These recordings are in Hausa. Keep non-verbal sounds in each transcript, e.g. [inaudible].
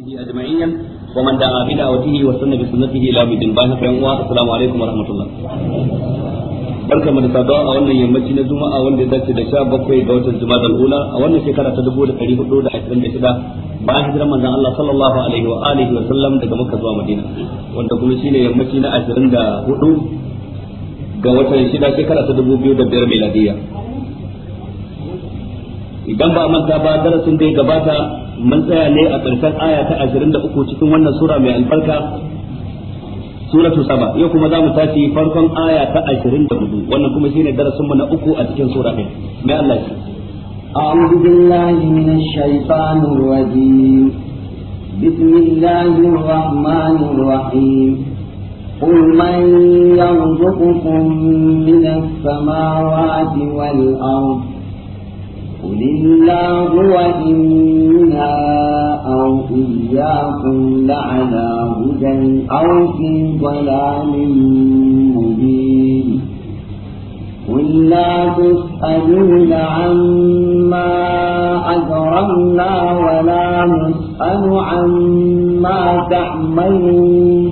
أجمعين ومن دعا بدعوته وسن بسنته إلى بدين باهي السلام عليكم ورحمة الله barka mu da saduwa a wannan yammaci na juma'a wanda ya dace da sha bakwai ga watan jumada al'ula a wannan shekara ta dubu da ɗari hudu da ashirin da shida bayan hijirar manzon Allah sallallahu alaihi wa alihi wa sallam daga Makka zuwa Madina wanda kuma shine yammaci na ashirin da hudu ga watan shida shekara ta dubu biyu da biyar miladiyya idan ba manta ba darasin da ya gabata mun tsaya ne a ƙarshen aya ta 23 cikin wannan sura mai albarka suratu saba yau kuma za mu tashi farkon aya ta 24 wannan kuma shine darasin mu na uku a cikin sura ɗin mai Allah أعوذ بالله من الشيطان الرجيم بسم الله الرحمن الرحيم قل من يرزقكم من السماوات والأرض قل الله وإنا أو إياكم لعلى هدى أو في ضلال مبين قل لا تسألون عما أجرمنا ولا نسأل عما تعملون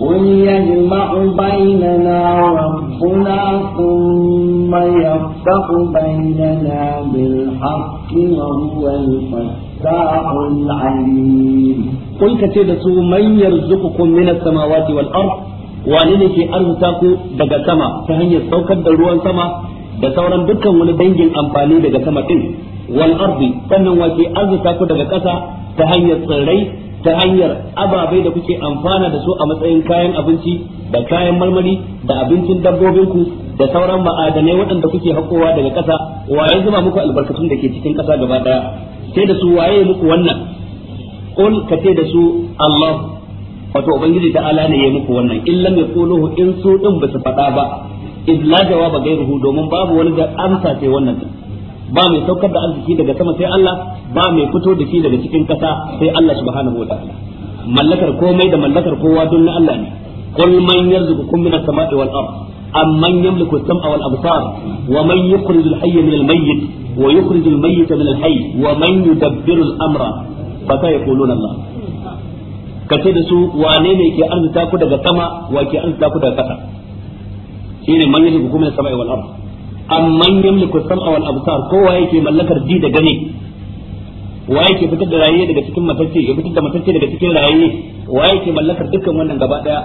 قل يجمع بيننا ربنا ثم يقول يفتح بيننا بالحق وهو الفتاح العليم قل كتير من يرزقكم من السماوات والأرض wane ne ke arzuta ku daga sama ta hanyar saukar da ruwan sama da sauran dukkan wani dangin amfani daga sama din wal ardi sannan wace arzuta ku daga ƙasa ta hanyar tsirrai ta hanyar ababai da kuke amfana da su a matsayin kayan abinci da kayan marmari da abincin dabbobinku da sauran ma'adanai waɗanda kuke haƙowa daga ƙasa waye zuma muku albarkatun da ke cikin ƙasa gaba ɗaya sai da su waye muku wannan Kun ka ce da su Allah wato ubangiji ta ala ne ya muku wannan in lam yaquluhu in su din ba su faɗa ba id la jawaba gairuhu domin babu wani da amsa sai wannan ba mai saukar da arziki daga sama sai Allah ba mai fito da shi daga cikin ƙasa sai Allah subhanahu wa ta'ala mallakar komai da mallakar kowa don na Allah ne man yarzuqukum minas من wal ardh amman yamliku as-sam'a wal wa man yukhrij al-hayya min al-mayyit wa yukhrij al-mayyita min al-hayy wa man yudabbiru al-amra fa sayaquluna Allah kace da su wane ne ke arzuta ku daga sama wa ke arzuta ku daga man mallakar ji da gani wa yake fitar da raye daga cikin matacce ya fitar da matacce daga cikin raye wa yake mallakar dukkan wannan gaba daya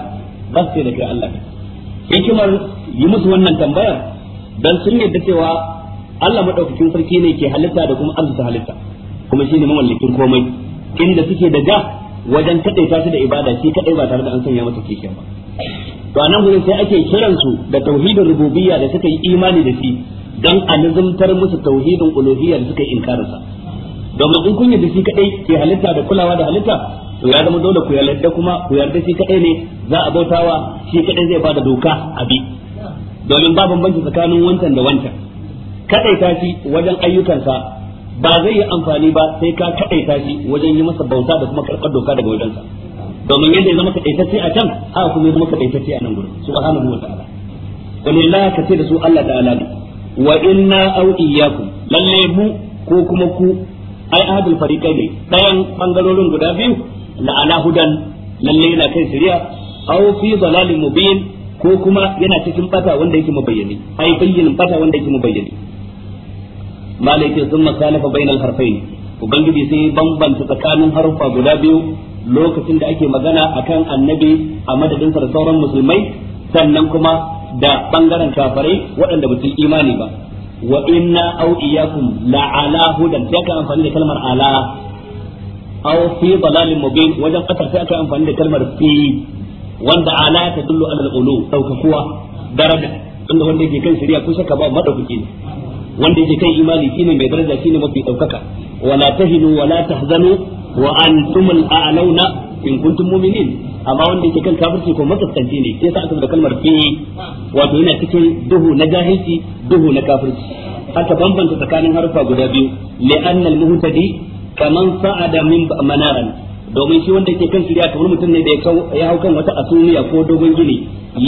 ba sai da kai Allah ne hikimar yi musu wannan tambayar dan sun yadda cewa Allah madaukakin sarki ne ke halitta da kuma arzuta halitta kuma shine mamallakin komai inda suke da ga wajen kadaita shi da ibada shi kadai ba tare da an sanya masa kike ba to anan gurin sai ake kiran su da tauhidin rububiyya da suka yi imani da shi dan a nazumtar musu tauhidin uluhiyya da suka yi inkarinsa domin in kun da shi kadai ke halitta da kulawa da halitta to ya zama dole ku yarda kuma ku yarda shi kadai ne za a bautawa shi kadai zai bada doka a bi domin ba bambanci tsakanin wancan da wancan kadai ta shi wajen ayyukansa ba zai yi amfani ba sai ka kadai ta shi wajen yi masa bauta da kuma karɓar doka daga wajensa domin yadda ya zama kadaitacce a can haka kuma ya zama kadaitacce a nan gurin subhanahu wa wani walillahi ce da su Allah ta'ala ne wa inna aw iyyakum lalle mu ko kuma ku ai ahadul fariqaini dayan bangarorin guda biyu La'ana hudan lalle yana kai shari'a aw fi dalalin mubin ko kuma yana cikin bata wanda yake mabayyani ai bayyin bata wanda yake mabayyani malaikin sun makalafa bainal harfain ubangiji sai bambanta tsakanin harfa guda biyu lokacin da ake magana akan annabi a madadin da sauran musulmai sannan kuma da bangaren kafirai waɗanda ba su imani ba wa inna au iyakum la ala hudan sai ka amfani da kalmar ala aw fi dalalin mubin wajen kasar sai aka yi amfani da kalmar fi wanda ala ta dullu ala al-ulu kuwa daraja inda wanda yake kan shari'a ko shakka ba madaukaki ne wanda yake kan imani shine mai daraja shine mafi ɗaukaka wala tahinu wala tahzanu wa in amma wanda yake kan kafirci ko makaskanci ne sai sa aka da kalmar fi wato yana cikin duhu na jahilci duhu na kafirci haka bambanta tsakanin harfa guda biyu li'anna al-muhtadi kaman sa'ada min manaran domin shi wanda yake kan shirya kamar mutum ne da ya hau kan wata asumiya ko dogon gini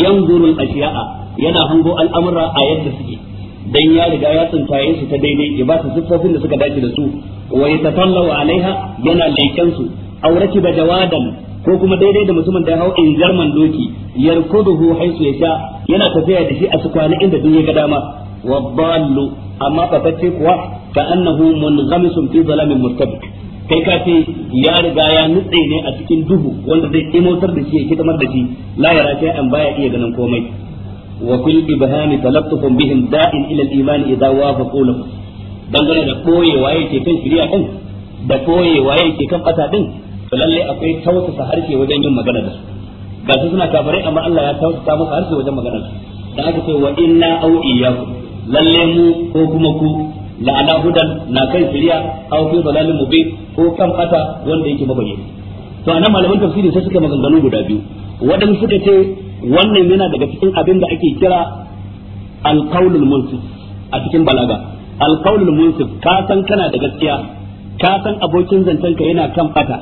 yanzuru al-ashiya'a yana hango al'amura a yadda suke dan ya riga ya tsintaye su ta daidai ya ba su siffofin da suka dace da su wa yatatallahu alaiha yana laikan su aurati da jawadan ko kuma daidai da mutumin da ya hau in jarman doki yarkuduhu haisu ya sha yana tafiya da shi a su kwana inda duk ya ga dama والضال أما فتتي كوا كأنه منغمس في ظلام مرتبك kai ka ce ya riga ya nutse ne a cikin duhu wanda zai imotar da shi ya kitamar da shi la yara sai an baya iya ganin komai wa kul ibhami talaqqufun bihim da'in ila al-iman idza wafaqu lahu dangane da koyewa yake kan din da koyewa kan lalle akwai tausasa harshe wajen yin magana da su ga su suna kafare amma Allah ya tausasa musu harshe wajen magana da aka ce wa inna au iyyakum lalle mu ko kuma ku la'ana hudan na kai shari'a aw fi dalalin mubin ko kan fata wanda yake mabayyana to anan malaman tafsiri sai suka maganganu guda biyu wadanda suka ce wannan yana daga cikin abin da ake kira alqaulul munsif a cikin balaga alqaulul munsif ka san kana da gaskiya ka san abokin zancen ka yana kan fata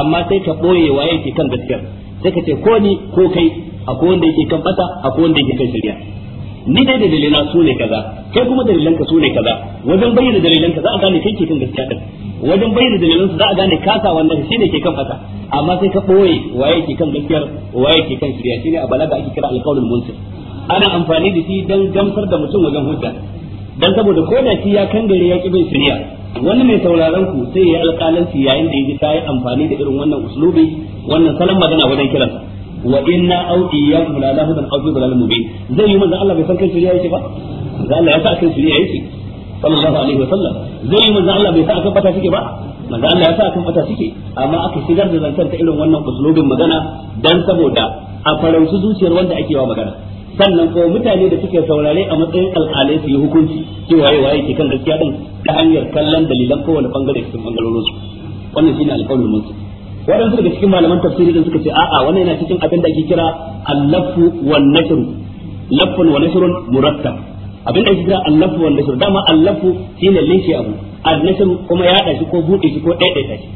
amma sai ka boye waye yake kan gaskiya sai ka ce ko ni ko kai akwai wanda yake kan fata akwai wanda yake kan shari'a ni dai da dalilina su ne kaza kai kuma dalilanka su ne kaza wajen bayyana dalilanka za a gane kai ke kan gaskiya din wajen bayyana dalilan su za a gane kasa wannan shi ne ke kan fata amma sai ka boye waye ke kan gaskiyar waye ke kan shirya shi ne a balaga ake kira alqaulul munsir ana amfani da shi dan gamsar da mutum wajen hujja dan saboda ko da shi ya kangare ya ki bin shirya wani mai sauraron ku sai ya alƙalanci yayin da ya ji ta yi amfani da irin wannan uslubi wannan salon magana wajen kiransa wa inna aw iyyakum la nahudan aw dhalalun mubin zai yi manzo Allah bai san kan shirya yake ba manzo Allah ya sa kan shirya yake sallallahu alaihi wa sallam zai yi manzo Allah bai sa kan bata suke ba manzo Allah ya sa kan bata suke amma aka shigar da zantar ta irin wannan uslubin magana dan saboda a farauci zuciyar wanda ake wa magana sannan ko mutane da suke saurare a matsayin alƙalai su yi hukunci cewa waye yake kan gaskiya din ta hanyar kallon dalilan kowane bangare cikin bangarorinsu wannan shine alƙawarin mutum waɗansu daga cikin malaman tafsiri din suka ce a'a wannan yana cikin abin da ake kira al-lafu wan nashr lafun wa nashrun murattab abin da ake kira al-lafu wan nashr dama al-lafu shine linke abu al-nashr kuma ya dashi ko bude shi ko daidaita shi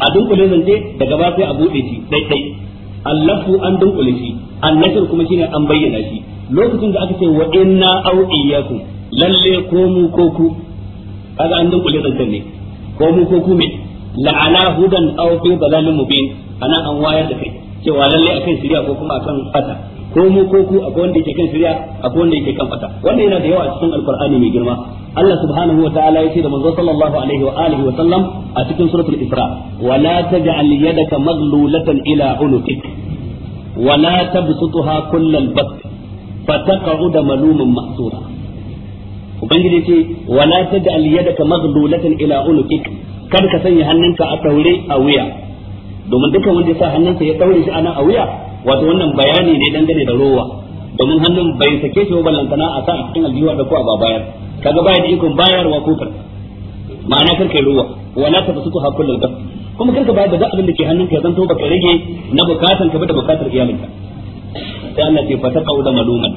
a dunkule zance daga ba sai a bude shi daidai al-lafu an dunkule shi al-nashr kuma shine an bayyana shi lokacin da aka ce wa inna aw iyyakum lalle ko mu ko ku kaga an dunkule zancen ne ko mu ko ku me la'ala hudan aw fi dalalin mubin ana an wayar da kai cewa lalle akan shari'a ko kuma akan fata ko mu ko ku akwai wanda yake kan shari'a akwai wanda yake kan fata wanda yana da yawa a cikin alqur'ani mai girma Allah subhanahu wa ta'ala yace da manzo sallallahu alaihi wa alihi wa sallam a cikin suratul isra wala taj'al yadaka maghlulatan ila unuqik wala tabsutha kullal bast fataq'uda maluman mahsura ubangiji ce wala taj'al yadaka maghlulatan ila unuqik kada ka sanya hannunka a taure a wuya domin dukkan wanda ya sa hannunsa ya taure shi ana a wuya wato wannan bayani ne dangane da rowa domin hannun bai sake shi ba lantana a sa a cikin aljiwa da ko a bayar kaga baya da ikon bayarwa ko karka ma'ana karka rowa wala ta basu ha kullu da kuma karka bayar da abin da ke hannunka ya zanto ka rage na bukatan ka ba da bukatar iyalinka sai Allah ce fata qauda maluman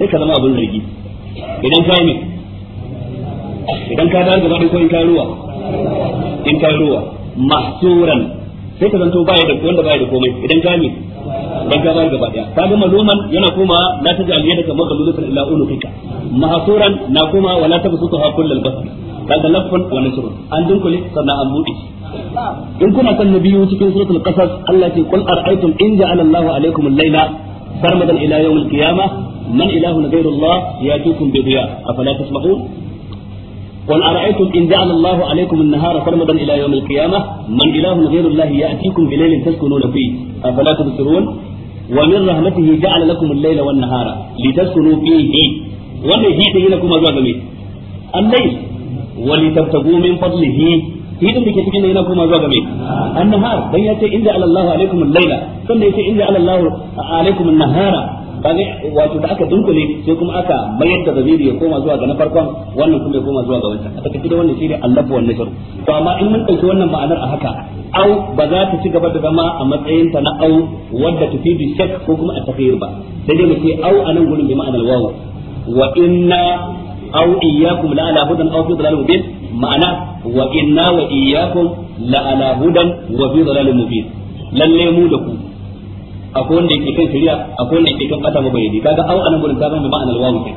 sai ka zama abin rigi idan ka yi idan ka dawo gaba da koyin ka ruwa in kai ruwa mahsuran sai ka zanto baya da wanda baya da komai idan ka dan ka bayar gaba daya kaga maluman yana kuma la taj'al yadaka maghlulatan illa ulukika mahsuran na kuma wala ha kullal bas kaga lafun wa nasr an dinkuli sannan an budi in kuma san nabiyu cikin suratul qasas Allah ya ce qul ar'aytum in ja'ala Allahu alaykum al-layla sarmadan ila yawm al-qiyamah man ilahun ghayru Allah yatukum bi dhiya afala tasma'un قل أرأيتم إن جعل الله عليكم النهار فرمدا إلى يوم القيامة من إله غير الله يأتيكم بليل تسكنون فيه أفلا تبصرون ومن رحمته جعل لكم الليل والنهار لتسكنوا فيه والذي هي لكم أزواج منه الليل ولتبتغوا من فضله hidin da ke cikin nan yana koma zuwa game annahar dan ya ce inda ala Allah alaikum al-laila sannan ya ce inda ala Allah alaikum an-nahara kaga wato da aka dunkule sai kuma aka mayar da zamiri ya koma zuwa ga na farkon wannan kuma ya koma zuwa ga wancan aka tafi da wannan shine Allah wa nashar to amma in mun dauki wannan ma'anar a haka au ba za ta ci gaba da zama a matsayin ta na au wadda tafi da shak ko kuma a tafiyar ba sai dai mu au anan gurin bi ma'anar wawu wa inna hudan أو إياكم Ma'ana wa inna wa ضلال مبين معنى وإنا وإياكم لعلى هدى وفي ضلال mu da ku. akwai wanda yake kan shari'a akwai wanda yake kan bata mabayyani kaga au anan gurin ta zama ma'anar wawu ke.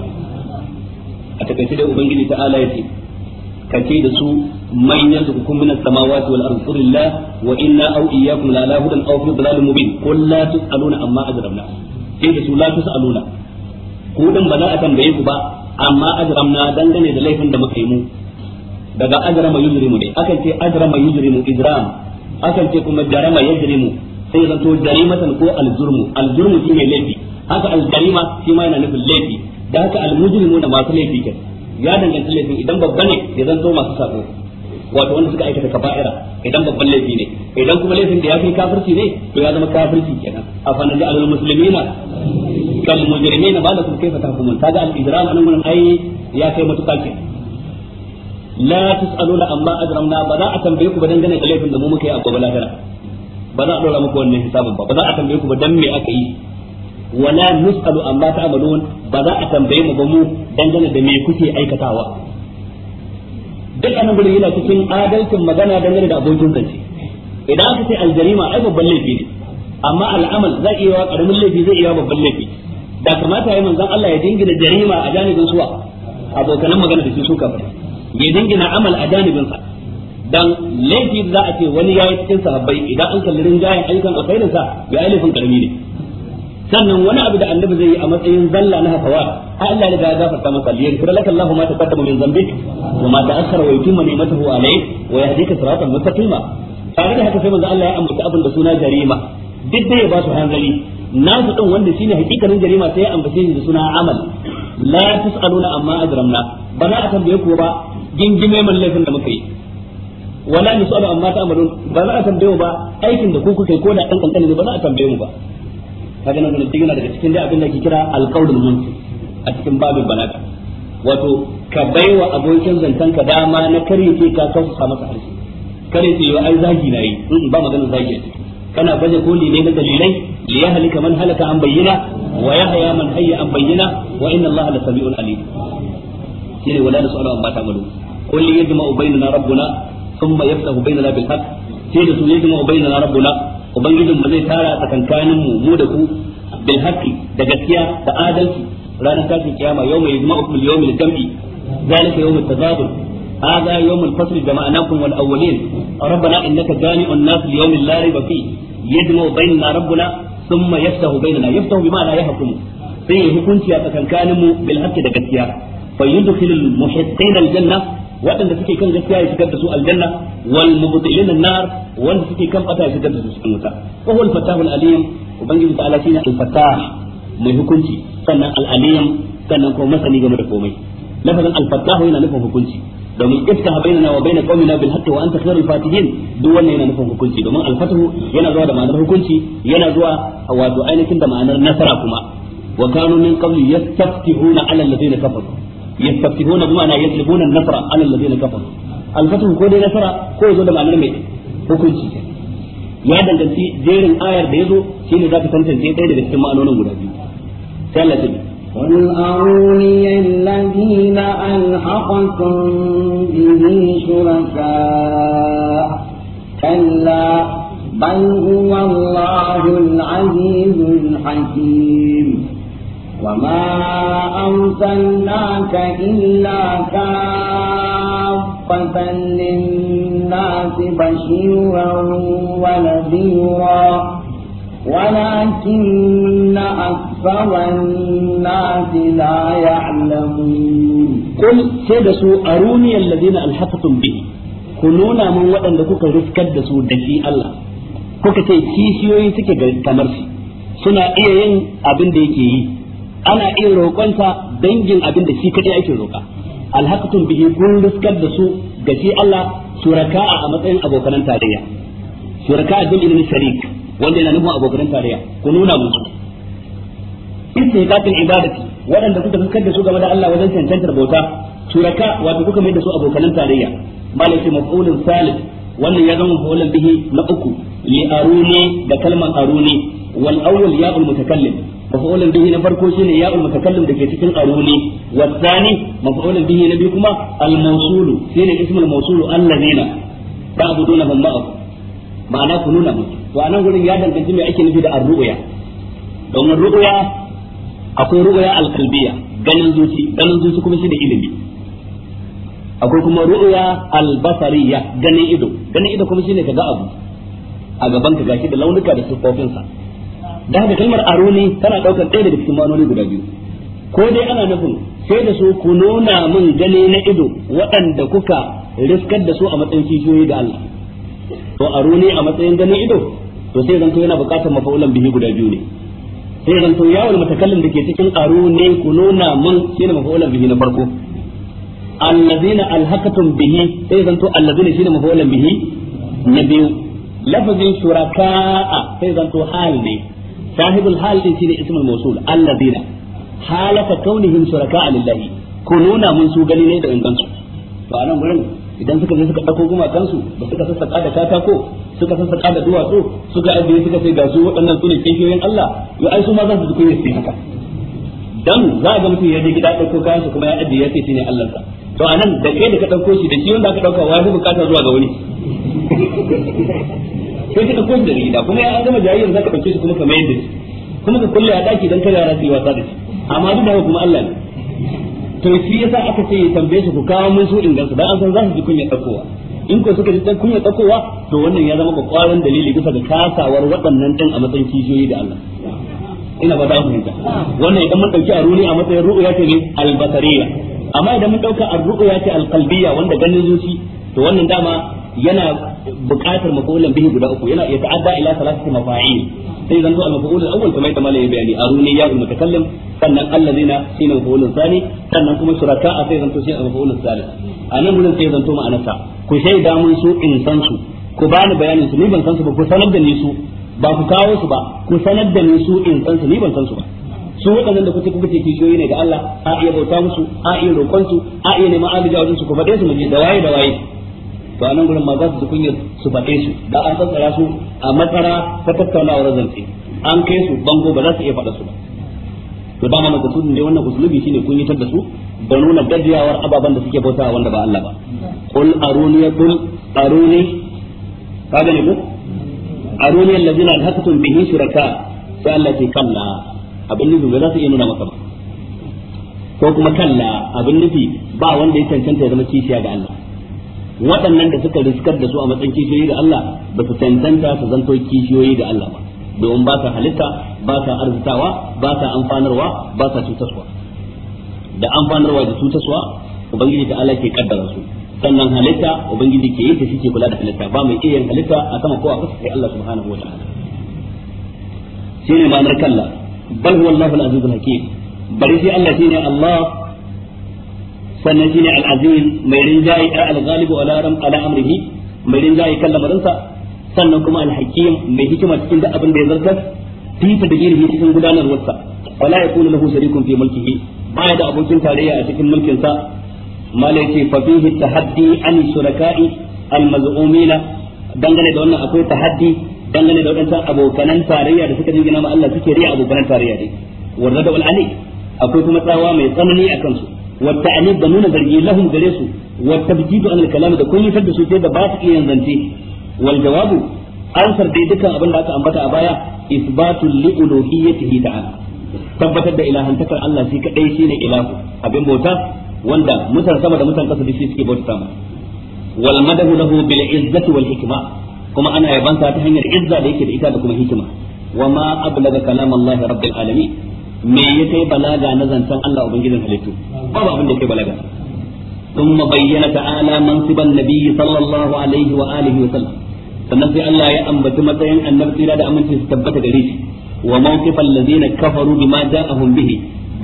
a takaice dai ubangiji ta ala yace ce da su man yarzuqukum minas samawati wal ardi qulillah wa inna aw iyyakum la ala hudan aw fi dhalalin mubin qul la tusaluna amma ajramna sai da su la tusaluna ku din ba za a tambaye ku ba amma ajramna dangane da laifin da muka yi mu daga ajrama yuzrimu dai akan ce ajrama yuzrimu ijram akan ce kuma jarama yajrimu sai ya zanto jarimatan ko aljurmu aljurmu shine laifi haka aljarima shi ma yana nufin laifi da haka almujrimu da masu laifi kan ya danganta laifin idan babba ne ya zanto masu sako wato wanda suka aikata kaba'ira idan babban laifi ne idan kuma laifin da ya fi kafirci ne to ya zama kafirci kenan a fannin alul muslimina kal na ba da kun kaifa tahkumun kaga al ijram anan gurin ai ya kai matuƙa kenan la tusaluna amma ajramna ba za a tambaye ku ba dangane da laifin da mu muka yi a gobe lahira ba za a dora muku wannan hisabin ba ba za a tambaye ku ba dan me aka yi wala nusalu amma ta'malun ba za a tambaye mu ba mu dangane da me kuke aikatawa duk anan gurin yana cikin adalcin magana dangane da abokin zance idan aka ce aljarima ai babban laifi ne amma al'amal zai iya wa karamin laifi zai iya babban laifi da kamata yayi manzon Allah ya dingina jarima a janibin suwa abokan magana da su suka ba ya dingina amal a janibin sa dan laifi za a ce wani yayi cikin sahabbai idan an kalli rinjayen ayyukan alkhairin sa ya laifin karami ne sannan wani abu da annabi zai yi a matsayin zalla na hafawa Allah ya gafarta masa liyan kira laka Allahu ma taqaddama min zambi wa ma ta'akhkhara wa yutimma ni'matahu alayk wa yahdika siratan mustaqima tare da haka sai manzo Allah ya ambata abin da suna jarima duk da ya ba su hanzari nasu din wanda shine hakikanin jarima sai ya ambace shi da suna amal la tusaluna amma ajramna ba za a tambaye ku ba gingime man laifin da muka yi wala nusalu amma ta'malun ba za a tambaye ba aikin da ku kuka ko da dan kankani ne ba za a tambaye mu ba kaga nan gurin yana daga cikin dai abin da ke kira alqaulul munti a cikin babin balaga wato ka baiwa abokin zantan ka dama na kare ce ka kausa masa harshe kare ce yau ai zagi na yi ba magana zagi a ciki kana baje koli ne na dalilai li yahlika man halaka an bayyana wa yahya man hayya an bayyana wa inna allaha la samiul alim shine wala nasalu amma ta'malun qul yajma'u bainana rabbuna thumma yaftahu bainana bil haqq da su yajma bainana rabbuna ubangijin mu zai tara tsakankanin mu mu da ku bil haqqi da gaskiya da adalci ranar tashin kiyama yawma yajma'ukum al jam'i zalika yawmut tazabun هذا يوم الفصل جمعناكم والأولين ربنا إنك جامع الناس ليوم لا ريب فيه bainana بيننا ربنا ثم يفتح بيننا يفتح بمعنى يحكم sai ya hukunci a tsakankanin mu bil haqqi da gaskiya fa yudkhilul muhiqqin al janna waɗanda suke kan gaskiya ya shigar da su aljanna wal mubtilin nar wanda suke kan fata ya shigar da su cikin wuta wa huwal fatahul alim ubangiji ta ala shine al fatah mai hukunci sannan al alim sannan kuma masani game da komai lafazin al fatah yana nufin hukunci domin Iska bainana wa bain qaumina bil haqqi wa anta khairul fatihin duk wannan yana nufin hukunci domin al yana zuwa da ma'anar hukunci yana zuwa wato ainihin da ma'anar nasara kuma wa kanu min qabli yastaftihuna ala alladhina kafaru yastafihuna bi ma'ana yatlubuna an-nasra 'ala alladhina kafaru al-fathu ko dai nasara ko yazo da ma'anar mai hukunci ya danganci jerin ayar da yazo shine zaka tantance ɗaya daga cikin ma'anonin guda biyu sai Allah ya قل أروني الذين ألحقتم به شركاء كلا بل هو الله العزيز الحكيم وما أرسلناك إلا كافة للناس بشيرا ونذيرا ولكن أكثر الناس لا يعلمون قل سوء أروني الذين ألحقتم به ku nuna mun waɗanda kuka riskar da su da shi Allah kuka ce kishiyoyi suke kamar shi suna iya yin abin da yake yi ana iya roƙonta dangin abin da shi kadai ake roƙa alhaqtum bihi kun riskar da su ga shi Allah suraka a matsayin abokan tarayya Suraka a jam'i ne sharik wanda yana nufin abokan tarayya ku nuna musu istihqaqul ibadati waɗanda kuka riskar da su game da Allah wajen cancantar bauta suraka wato kuka mai da su abokan tarayya Malam malaki maf'ulun salih wannan ya zama maf'ulun bihi na uku li aruni da kalmar aruni wal awwal ya'ul mutakallim مفعول به نفرقو شيني ياء المتكلم دكي cikin aruni والثاني مفعول به نبي كما الموصول شيني اسم الموصول الذين تعبدونهم معه معنى كنونهم وانا gurin ya danganci me ake nufi da ar-ru'ya domin ru'ya akwai ru'ya al-qalbiyya ganin zuci kuma shi da ilimi akwai kuma ru'ya al-basariyya ganin ido ganin ido kuma shine kaga abu a gaban ka gashi da launuka da siffofinsa da haka kalmar aruni tana daukar ɗaya daga cikin ma'anoni guda biyu ko dai ana nufin sai da su ku nuna min gani na ido waɗanda kuka riskar da su a matsayin kishiyoyi da Allah to aruni a matsayin gani ido to sai zanto yana buƙatar mafaulan bihi guda biyu ne sai zanto yawon matakallin da ke cikin aruni ku nuna min shine mafaulan bihi na farko allazina alhaqatum bihi sai zanto allazina shine mafaulan bihi na biyu lafazin shuraka'a sai zanto hal ne sahibul hal din shine ismul mawsul alladina halaka kaunihim shuraka lillahi ko nuna mun su gani ne da ingansu to idan suka je suka dauko gumakan su da suka sassaka da katako suka sassaka da duwatsu suka ajiye suka sai ga su waɗannan sune kifiyoyin Allah yo ai su ma za su kuyi su haka dan za ga mutum ya je gida dauko kayan kuma ya ajiye ya ce shine Allah sa to anan da kai da ka ɗauko shi da shi wanda aka ɗauka wani fi bukata zuwa ga wani sai ka ɗauko shi da gida kuma ya gama jayayyar ka ɗauke shi kuma ka mayar da shi kuma ka kulle a ɗaki don kada su yi wasa da shi amma duk da haka kuma Allah ne to shi yasa aka ce ya tambaye shi ku kawo mun su ingansu dan an san za su ji kunya ɗaukowa in ko suka ji dan kunya ɗaukowa to wannan ya zama kwakwaran dalili bisa ga kasawar waɗannan ɗin a matsayin kijiyoyi da Allah ina ba da mu wannan idan mun dauki aruni a matsayin ru'ya ce ne albasariya amma idan mun dauka ar-ru'ya ta al-qalbiyya wanda ganin zuci to wannan dama yana buƙatar mafulan bihi guda uku yana ya ta'adda ila salasati mafa'il sai zanto al-maf'ul al-awwal kamar da malai bayani aruni ya mutakallim sannan allazina shine maf'ulun sani sannan kuma shuraka a sai zan to shi al-maf'ulun salis anan gurin sai zan zanto ma'anarsa ku shaida mun su in san su ku bani bayanin su ni ban san su ba ku sanar da ni su ba ku kawo su ba ku sanar da ni su in san su ni ban san su ba su waɗannan da kuke kuka ce kishiyoyi ne ga Allah a iya bauta musu a iya roƙon su a iya neman agaja wajen su ku faɗe su mu je da waye da waye to a nan gurin ma za su kunyar su faɗe su da an tsara su a matsara ta tattaunawar zance an kai su bango ba za su iya faɗa su ba to ba mana su dai wannan usulubi shine kun yitar da su da nuna gajiyawar ababan da suke bauta wanda ba Allah ba qul aruni qul aruni kaga ne ku aruni allazina alhaqtum bihi shuraka sai Allah ke kalla abin nufi ba za su iya nuna maka ba ko kuma kalla abin nufi ba wanda ya cancanta ya zama kishiya ga Allah waɗannan da suka riskar da su a matsayin kishiyoyi ga Allah ba su cancanta su zanto kishiyoyi ga Allah ba domin ba sa halitta ba sa arzitawa ba sa amfanarwa ba sa cutaswa. da amfanarwa da cutaswa ubangiji da Allah ke kaddara su sannan halitta ubangiji ke yi ta shi ke kula da halitta ba mai iya halitta a sama ko a kasa sai Allah subhanahu wa ta'ala shine ma'anar kalla bal huwa Allahu al-aziz al-hakim bari sai Allah shine Allah sannan shine al-aziz mai rinjayi al-ghalibu ala ram ala kan lamarinsa sannan kuma al-hakim mai hikima cikin duk abin da ya zartar fi tadbirihi cikin gudanarwarsa wala yakunu lahu sharikun fi mulkihi baya da abokin tarayya a cikin mulkinsa malaki fa fihi tahaddi an shuraka'i al-maz'umina dangane da wannan akwai tahaddi dangane da wadancan abokanan tarayya da suka jingina ma Allah suke riya abokanan tarayya ne. warda da alani akwai kuma tsawa mai tsanani akan su wata ani da nuna zargi lahum gare su wa tabjidu an kalam da kun yi da su da ba su iya zance wal jawabu ansar dai dukkan abin da aka ambata a baya isbatul li uluhiyyatihi ta'ala tabbatar da ilahantakar Allah shi kadai shine ilahu abin bauta wanda mutan sama da mutan kasa da suke bauta sama wal madahu lahu bil izzati wal hikma kuma ana yabansa ta hanyar izza da yake da ita da kuma hikima wa ma ablaga kalam Allah rabbil alamin me ya kai balaga na zancen Allah ubangijin halittu babu abin da kai balaga ثم بين تعالى منصب النبي صلى الله عليه وآله وسلم sannan sai Allah ya ambaci matsayin annabi tsira da aminci su tabbata gare shi wa mawqifal ladzina kafaru bima ja'ahum bihi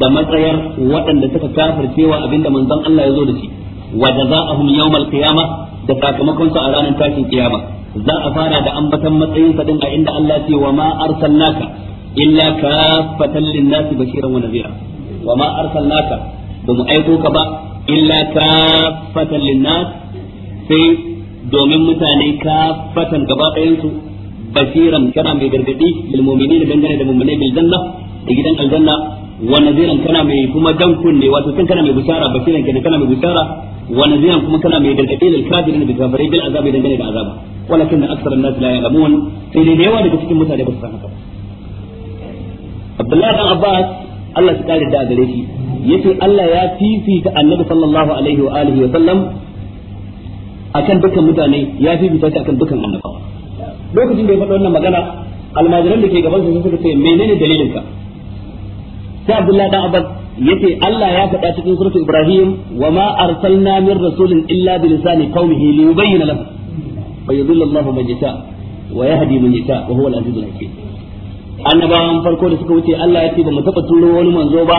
da matsayar waɗanda suka kafircewa abinda manzon Allah ya zo da shi wa jazaa'ahum yawmal kiyama da sakamakonsa a ranar tashin kiyama za a fara da ambatan matsayin sa din a inda Allah ce wa ma arsalnaka illa kaffatan lin-nas bashiran wa nadhira wa ma arsalnaka ba mu aiko ka ba illa kaffatan lin-nas sai domin mutane kaffatan gaba ɗayan su bashiran kana mai gargadi lil mu'minina dangane da mu'minai bil janna da gidan aljanna wa naziran kana mai kuma dan kunne wato tun kana mai bishara bashiran kenan kana mai bishara wa naziran kuma kana mai gargadi lil kafirin bi kafirai bil azabi dangane da azaba walakin aksarun nas la ya'lamun sai dai da yawa daga cikin mutane ba su san haka Abdullahi dan Abbas Allah ya kare da gare shi yace Allah ya fifita Annabi sallallahu alaihi wa wa sallam akan dukkan mutane ya fifita shi akan dukkan annabawa lokacin da ya faɗa wannan magana almajiran da ke gaban su suka ce menene dalilin ka sai Abdullahi dan Abbas yace Allah ya faɗa cikin suratul Ibrahim wa ma arsalna min rasulin illa bi lisani qaumihi li yubayyana lahum fa yudhillu Allahu man yasha wa yahdi man yasha wa huwa al-azizul hakim annabawan farko da suka wuce Allah ya ce ba mu taba turo wani manzo ba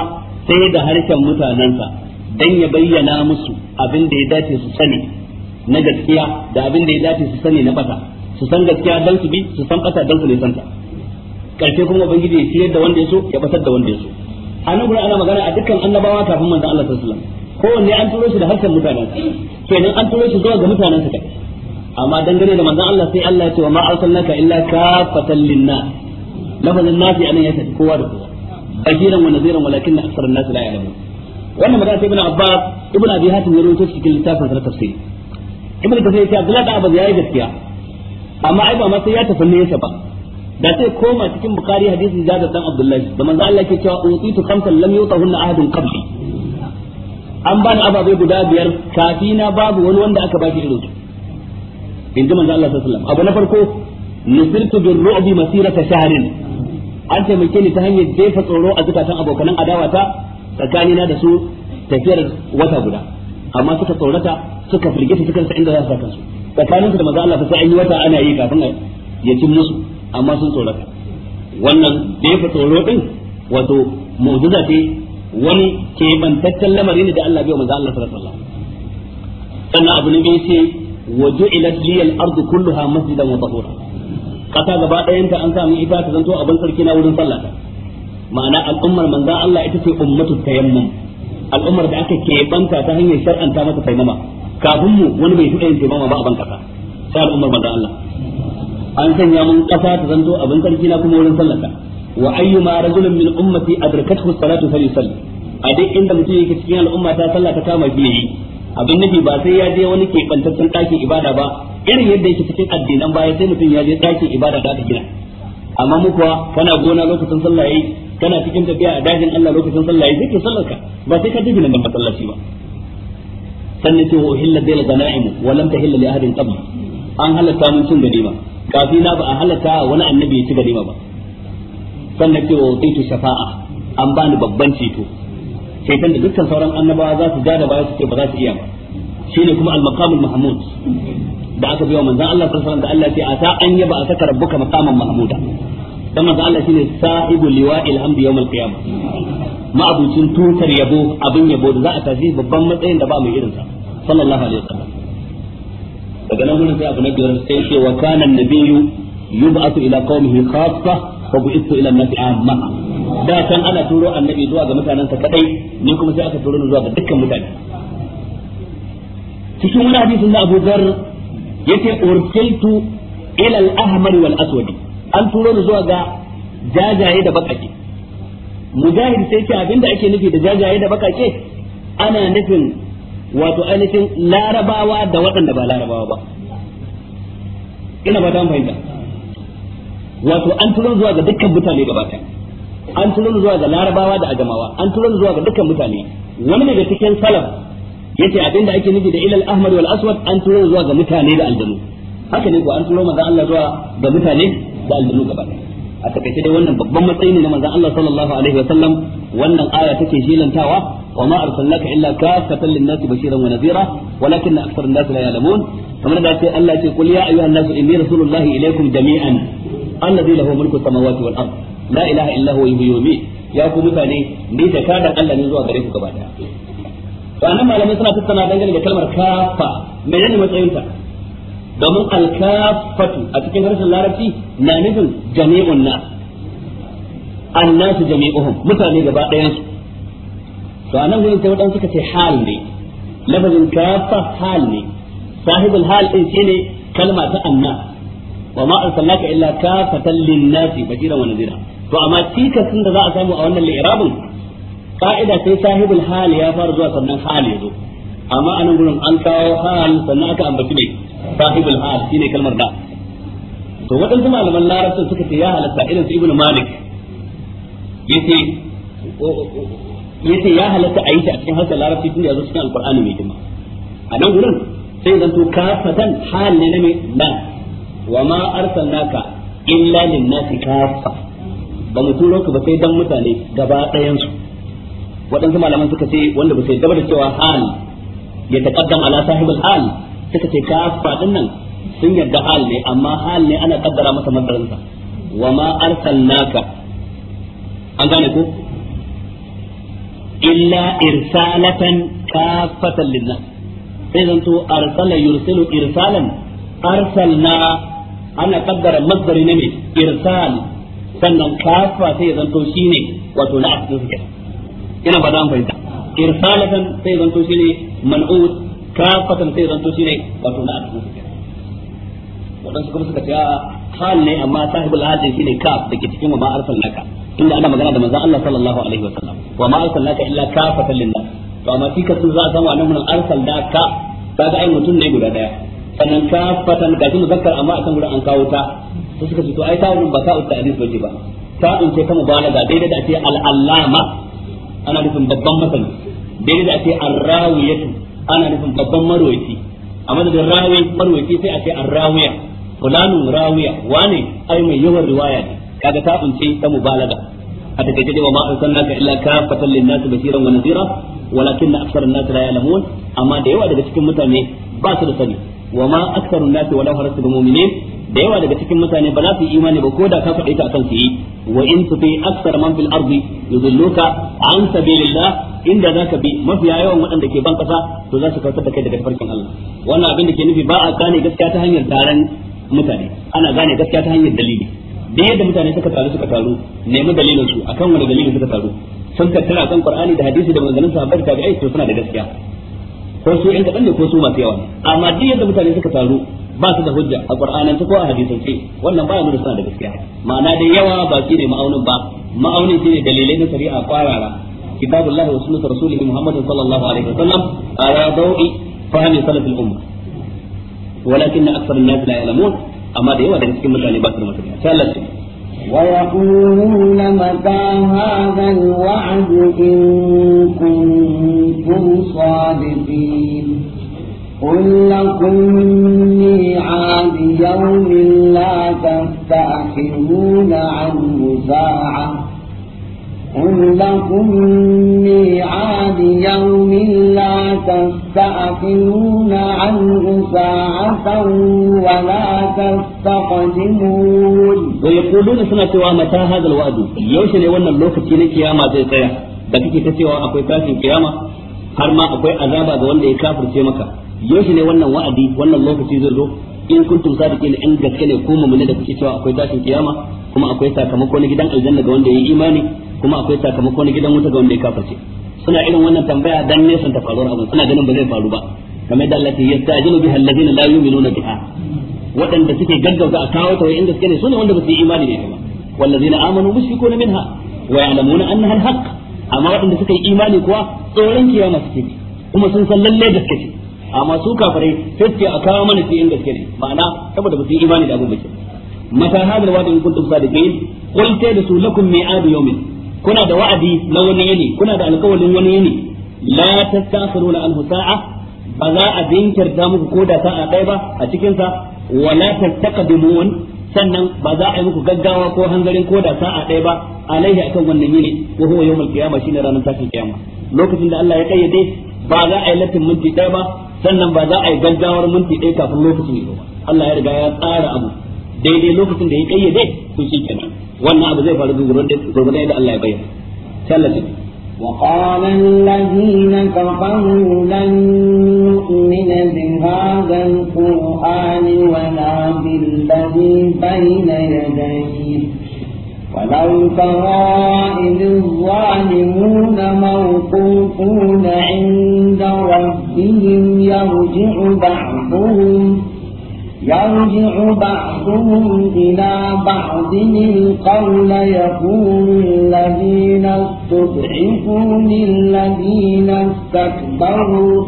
sai da harshen mutanansa dan ya bayyana musu abin da ya dace su sani na gaskiya da abin da ya dace su sani na bata su san gaskiya dan su bi su san bata dan su ne santa karshe kuma ubangiji ya ciyar da wanda ya so ya batar da wanda ya so a nan a dukkan annabawa kafin manzon Allah sallallahu alaihi kowanne an turo shi da harshen an turo shi zuwa ga mutanensa kai amma dangane da manzon Allah sai Allah ya ce wa ma arsalnaka illa kafatan linnas lafazin nafi anan ya tafi kowa da kowa bashiran wa nadiran walakin aksarun nas la ya'lamun wannan magana sai ibn Abbas ibn Abi Hatim ya rawaito cikin littafin sa na tafsir ibn Kathir ya ce Abdullah da Abbas gaskiya amma ai ba ma sai ya tafi ne ba da sai koma cikin Bukhari hadisi da dan Abdullahi da manzo Allah ke cewa utitu khamsan lam yutahunna ahadun qabli an bani ababai guda biyar kafina babu wani wanda aka baki irin su in ji manzo Allah sallallahu alaihi wasallam abu na farko nusirtu bir ru'bi masirata shahrin an taimake ni ta hanyar jefa tsoro a zukatan abokanan adawata tsakanina da su tafiyar wata guda amma suka tsorata suka firgita suka inda za su saka su tsakanin su da manzo Allah sai an yi wata ana yi kafin ya cin musu amma sun tsorata wannan jefa tsoro din wato mu'jiza ce wani kebantaccen lamari ne da Allah bai wa manzo Allah sallallahu alaihi wasallam sannan abu ne wa ju'ilat li al-ardu kulluha masjidan wa tahura kasa gaba ɗayan ta an sa min ita ta zanto abin sarki na wurin sallah ma'ana al'ummar manzan Allah ita ce ummatu tayammum al'ummar da aka keɓanta ta hanyar shar'anta mata taimama kafin mu wani bai taɓa yin taimama ba a ban kasa sai al'ummar manzan Allah an sanya mun kasa ta zanto abin sarki na kuma wurin sallah wa ayyuma rajulun min ummati adrakathu salatu falyusalli a duk inda mutum yake cikin al'umma ta sallah ta kama biyayi abin nufi ba sai ya je wani keɓantaccen ɗakin ibada ba irin yadda yake cikin addinan baya sai mutum ya je ɗakin ibada da aka gina amma mu kuwa kana gona lokacin sallah yayi kana cikin tafiya a dajin Allah lokacin sallah yayi sai sallar ka ba sai ka gina nan masallaci ba sannan ce wa uhilla bil ghanaim wa lam tahilla li ahadin qabl an halatta mun cin ganima kafi na ba a halatta wani annabi ya ci gadima ba sannan ce wa taitu shafa'a an bani babban ceto shaitan da dukkan sauran annabawa za su ja da baya su ce ba za su iya ba ne kuma al-maqamul mahmud da aka biya manzon Allah sallallahu alaihi wasallam da Allah ya ce ata an yaba a saka rabbuka maqaman mahmuda dan manzon Allah shine sahibu liwa'il hamdi yawmal qiyamah ma'abucin tutar yabo abin yabo da za a tafi babban matsayin da ba mai irinsa sallallahu alaihi wasallam daga nan gurin sai abu na biyar sai ce wa kana nabiyyu yub'athu ila qaumihi khassa fa bu'ithu ila an-nasi amma da can ana turo annabi zuwa ga mutanensa kadai ni kuma sai aka turo ni zuwa ga dukkan mutane cikin wani hadisin na Abu Dharr yace ursiltu ila al-ahmar wal aswad an turo ni zuwa ga jajaye da bakake mujahid sai ce abinda ake nufi da jajaye da bakake ana nufin wato ainihin larabawa da waɗanda ba larabawa ba ina ba ta fahimta wato an turo zuwa ga dukkan mutane gaba ɗaya an turo ni zuwa ga larabawa da agamawa an turo ni zuwa ga dukkan mutane wani daga cikin salaf yace abinda ake nufi da ilal ahmar wal aswad an turo ni zuwa ga mutane da aljanu haka ne ko an turo manzon Allah zuwa ga mutane da aljanu gaba a takaice dai wannan babban matsayi ne na manzon Allah sallallahu alaihi wa sallam wannan aya take jilantawa wa ma arsalnaka illa kafatan lin-nasi bashiran wa nadhira walakin aktsarun nasi la ya'lamun kamar da sai Allah ya ce qul ya ayyuhan nasu inni rasulullahi ilaykum jami'an alladhi lahu la ilaha illa wa yuhyi ya ku mutane ni da kadan Allah ne zuwa gare ku gaba daya to anan malamai suna tattauna dangane da kalmar kafa menene matsayinta domin alkafatu a cikin harshen larabci na nufin jami'un annasu jami'uhum mutane gaba ɗayan su to anan gurin sai suka ce hal ne lafazin kafa hal ne sahibul hal din shine kalma ta annas wa ma arsalnaka illa kafatan lin-nasi bashiran wa nadhira to amma tikasin da za a samu a wannan li'irabin ka'ida sai sahibul hal ya fara zuwa sannan hal ya zo amma a nan gurin an kawo hal sannan aka ambaci ne sahibul hal shine kalmar da to waɗansu malaman larabcin suka ce ya halatta irin su ibn malik yace yace ya halatta a yi ta a cikin harshen larabci tun da ya zo cikin alqur'ani mai jima a nan gurin sai zanto kafatan hal ne na mai nan wa ma arsalnaka illa lin-nasi kafa ba mu turo ka ba sai dan mutane gaba ɗayan su waɗansu malaman suka ce wanda ba sai gaba da cewa hal ya taqaddam ala sahibul hal suka ce ka fadin nan sun yarda hal ne amma hal ne ana kaddara masa sa wa ma arsalnaka an gane ko illa irsalatan kafatan linnas sai zanto arsala yursilu irsalan arsalna ana kaddara masdari ne mai irsal sannan kafa sai ya zanto ne wato na asibin su ina ba zan fahimta irsalatan sai ya zanto ne man'ud kafatan sai ya zanto ne wato na asibin su waɗansu kuma suka ce hal ne amma sahibul shi ne kaf da ke cikin wa ma arsalnaka inda ana magana da manzon Allah sallallahu alaihi wasallam wa ma arsalnaka illa kafatan lin to amma shi kasu za a samu da mun arsalnaka kaga ai mutum ne guda daya sannan kafatan gashi muzakkar amma akan gurin an kawo ta sai suka fito ai ta'un ba ta'un ta'anis bace ba ta'un ce ta mubalaga daidai da ake al-allama ana nufin babban masani daidai da ake ar-rawiyatu ana nufin babban marwayi a madadin rawi marwayi sai ake ce ar-rawiya fulanun rawiya wane ai mai yawan riwaya ne kaga ta'un ce ta mubalaga a takaice dai wa ma arsalnaka illa kafatan lin-nasi basiran wa nadhira walakinna aktharun nasi la ya'lamun amma da yawa daga cikin mutane ba su da sani wa ma aktharun nasi harasu bil mu'minin da yawa daga cikin mutane ba za su yi imani ba ko da ka faɗi ta kan su yi wa in fi aksar man fil ardi yudilluka an sabilillah inda zaka bi mafiya yawan waɗanda ke ban kasa to za su kautar da kai daga farkin Allah wannan abin da ke nufi ba a gane gaskiya ta hanyar taron mutane ana gane gaskiya ta hanyar dalili da yadda mutane suka taru suka taru nemi dalilin su akan wani dalilin suka taru sun tattara kan Qur'ani da hadisi da maganganun sahabbai da tabi'ai to suna da gaskiya ko su yan kaɗan ne ko su masu yawa amma duk yadda mutane suka taru ba su da hujja a qur'anan ko a hadisan ce wannan ya nuna suna da gaskiya ma'ana da yawa ba shi ne ma'aunin ba ma'aunin ne dalilai na shari'a kwarara kitabullahi wa sunnatu rasulih muhammad sallallahu alaihi wasallam ala dawi fahmi salaf al-umma walakin akthar an-nas la ya'lamun amma da yawa daga cikin mutane ba su da masaniya sai Allah ويقولون متى هذا الوعد إن كنتم صادقين قل لكم ميعاد يوم لا تستأخرون عنه ساعة قل لكم ميعاد يوم لا تستأخرون عنه ساعة ولا تستقدمون ويقولون سنة متى هذا الوعد يوشن يوانا اللوكة كينا كياما زي سيا da kake ta cewa akwai tashin kiyama har ma akwai azaba ga wanda ya kafirce maka yaushe ne wannan wa'adi wannan lokaci zai zo in kuntum sadiqin in gaske ne ko mu'mini da kuke cewa akwai tashin kiyama kuma akwai sakamako na gidan aljanna ga wanda ya yi imani kuma akwai sakamako na gidan wuta ga wanda ya kafirce suna irin wannan tambaya dan ne ta faruwar abin suna ganin ba zai faru ba kamar da Allah ya yastajilu biha alladhina la yu'minuna biha waɗanda suke gaggauta a kawo ta in gaske ne sune wanda ba su yi imani ne ba wallazina amanu mushrikuna minha wa ya'lamuna annaha al-haqq amma waɗanda suka yi imani kuwa tsoron kiyama suke kuma sun san lalle gaske ce amma su kafirai sai suke a kawo mana sai in gaske ne ma'ana saboda ba su yi imani da abin ba mata hadal wa da in kuntum sadiqin qul da su lakum mi'adu yawmin kuna da wa'adi na wani yini kuna da alƙawarin wani yini la tastakhiruna anhu sa'a ba za a dinkirta muku ko da sa'a ɗaya ba a cikin sa wala tastaqdimun sannan ba za a yi muku gaggawa ko hangarin ko da sa'a ɗaya ba alaihi akan wannan yini wa huwa yawmul qiyamah shine ranar tashin kiyama lokacin da Allah ya kayyade ba za a yi latin minti ɗaya ba sannan ba za a yi gaggawar minti ɗaya kafin lokacin yau Allah ya riga ya tsara abu daidai lokacin da ya kayyade to shi kenan wannan abu zai faru gurgurdan da Allah ya bayyana sallallahu وقال الذين كفروا لن نؤمن بهذا القرآن ولا بالذي بين يديه ولو ترى إذ الظالمون موقوفون عند ربهم يرجع بعضهم يرجع بعضهم إلى بعض القول يقول الذين تضعفوا للذين استكبروا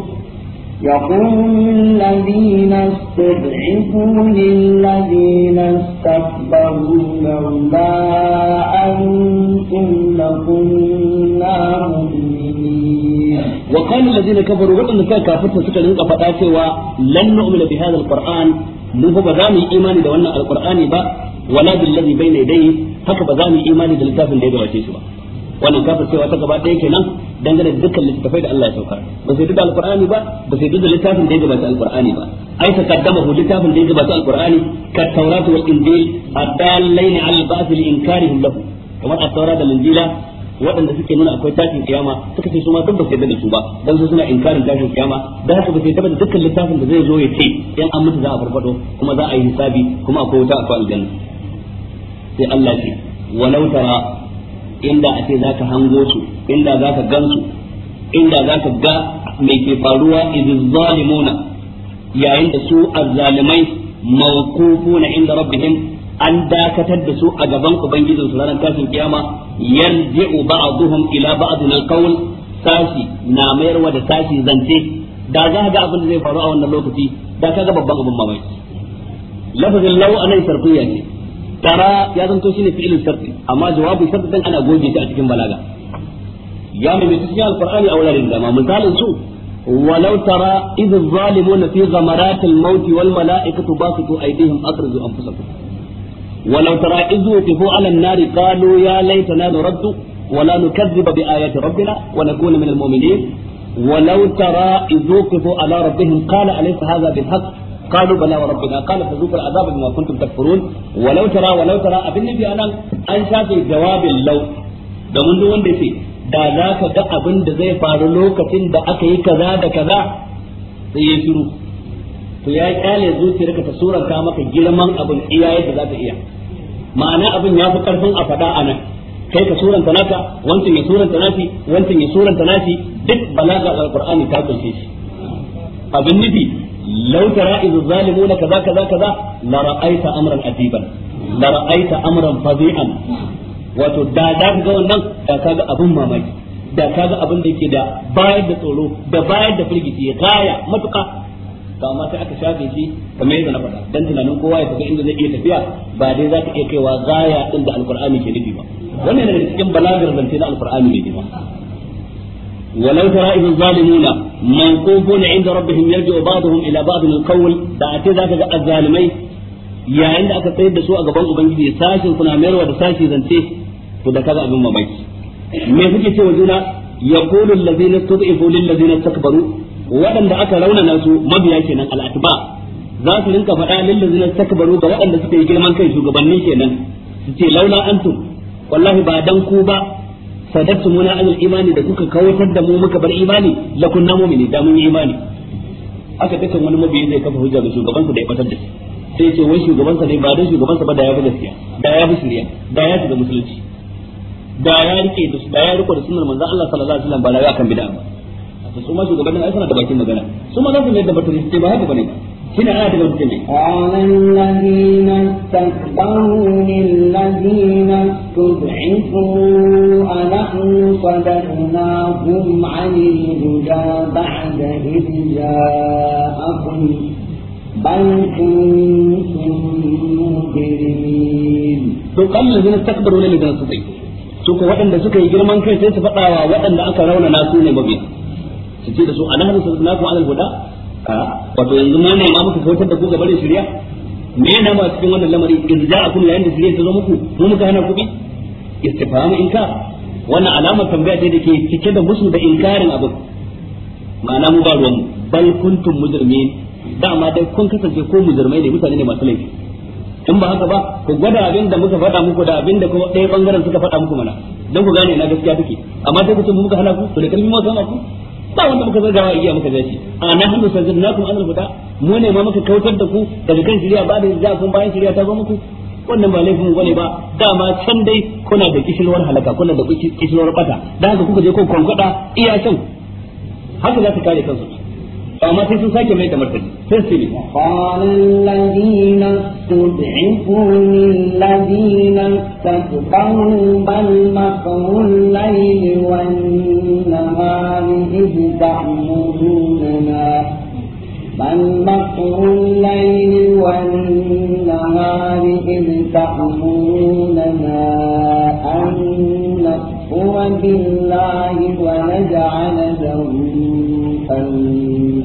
يقول الذين استضعفوا للذين استكبروا لولا أنتم لكنا مؤمنين وقال الذين كفروا وقال كان كافرت سكر ينقى فتاة لن نؤمن بهذا القرآن mu ba za mu yi imani da wannan alqur'ani ba wala billazi bayna yadayhi haka ba za mu yi imani da littafin da ya gabace shi ba wannan kafir cewa ta gaba ɗaya kenan dangane da dukkan littafai da Allah ya saukar ba sai duk alqur'ani ba ba sai duk littafin da ya gabata alqur'ani ba ai ta kaddama hu littafin da ya gabata alqur'ani ka tauratu wal injil addallaini al ba'th li inkarihim lahu kamar at-taurat da injila waɗanda suke nuna akwai tashin kiyama suka ce su ma duk ba sai da su ba dan su suna inkarin tashin kiyama da haka ba sai tabbata dukkan littafin da zai zo ya ce yan an mutu za a farfado kuma za a yi hisabi kuma akwai wuta akwai aljanna sai Allah ce walau tara inda a za ka hango su inda za ka gansu inda za ka ga mai ke faruwa idan zalimuna yayin da su azzalimai mawqufuna inda rabbihim an dakatar da su a gaban ubangijin su ranar tashin kiyama yarji'u ba'dhum ila ba'dhin alqawl sashi na mayarwa da sashi zance da za ga abin da zai faru a wannan lokaci da kaga babban abin mamaki lafazin law anai sarfiya ne tara ya zanto shine fi'ilin sharti amma jawabu sharti dan ana goge shi a cikin balaga ya mai cikin alqur'ani a wuraren da ma misalin su ولو ترى إذ الظالمون في غمرات الموت والملائكة باسطوا أيديهم أخرجوا أنفسكم ولو ترى إذ وقفوا على النار قالوا يا ليتنا نرد ولا نكذب بآيات ربنا ونكون من المؤمنين ولو ترى إذ وقفوا على ربهم قال أليس هذا بالحق قالوا بلى وربنا قال فذوقوا العذاب بما كنتم تكفرون ولو ترى ولو ترى abin nufi anan an shafe jawabin law domin duk wanda yace da za ka ga abin da zai faru lokacin da aka yi kaza da kaza sai ya shiru to ya kyale zuciyarka ta suranta maka girman abin iya yadda za ta iya ma'ana abin ya fi karfin a faɗa a nan kai ka suranta naka wancan ya suranta nafi wancan ya suranta nafi duk balaga alqur'ani ta kunshe shi abin nufi law tara idh zalimuna kaza kaza kaza la ra'aita amran ajiban la ra'aita amran fadi'an wato da da ga wannan da kaga abun mamaki da ga abin da yake da bayar da tsoro da bayar da ya gaya matuka Ga amma sai aka shafe shi kamar yadda na faɗa dan tunanin kowa ya tafi inda zai iya tafiya ba dai za ka iya kaiwa gaya din da alqur'ani ke nufi ba wannan yana daga cikin balagar zance na alqur'ani ne ba ولو ترى إذ الظالمون منقوبون عند ربهم يرجع بعضهم إلى بعض القول بعد ذاك الظالمين يا عند أكثر دسوء قبل أبنجي ساشي كنا ميرو ودساشي زنتي فدكذا أبن مميت ما فيك سوى جونا يقول الذين استضعفوا للذين استكبروا waɗanda aka raunana su mabiya kenan al'atba za su rinka faɗa lillazina takbaru ga waɗanda suka yi girman kai shugabanni kenan su ce laula antum wallahi ba dan ku ba muna anil imani da kuka kawatar da mu muka bar imani kunna mu'mini da mun yi imani aka dace wani mabiyi zai kafa hujja ga ku da ya fatar da shi sai ce wai sa ne ba dan sa ba da ya fi gaskiya da ya fi shirya da ya da musulunci da ya rike da da ya riko da sunnar manzon Allah sallallahu alaihi wasallam ba da ya kan bid'a ba to su ma shugabannin ai suna da bakin magana su ma za su ne da batun sai ba haka bane ba هنا aya ta قال الذين استكبروا للذين istakbaru lilladhina صدرناهم عن sadarnakum بعد huda ba'da بل كنتم مجرمين فقال الذين استكبروا للذين استضعفوا suka waɗanda suka yi girman kai sai su faɗawa waɗanda aka raunana su ne mabiya su ce da su ana hannun su na kuma alal wato yanzu mu ne ma muka kautar da ku ga barin shirya me yana ba cikin wannan lamari in za a kula yayin da ta zo muku mu muka hana kuɗi? istifham inka wannan alamar tambaya ce da ke cike da musu da inkarin abin ma'ana mu ba ruwan bal kuntum mujrimin dama dai kun kasance ko mujrimai ne mutane ne masu laifi in ba haka ba ku gwada abin da muka faɗa muku da abin da kuma ɗaya bangaren suka faɗa muku mana don ku gane na gaskiya take amma sai ku ce mu muka hana ku to da kalmi ma sama ku ba wanda muka zarga wa iya muka zaci a na hannu sanzin na kuma anal mu ne ma muka kautar da ku daga kan shirya ba da za kun bayan shirya ta zo muku wannan ba laifin bane ba dama can dai kuna da kishilwar halaka kuna da kishilwar bata da haka kuka je ko kwankwada iya can haka za ta kare kansu amma sai sun sake mai da martani sai su ne qala alladhina tud'ifu lilladhina tasbahu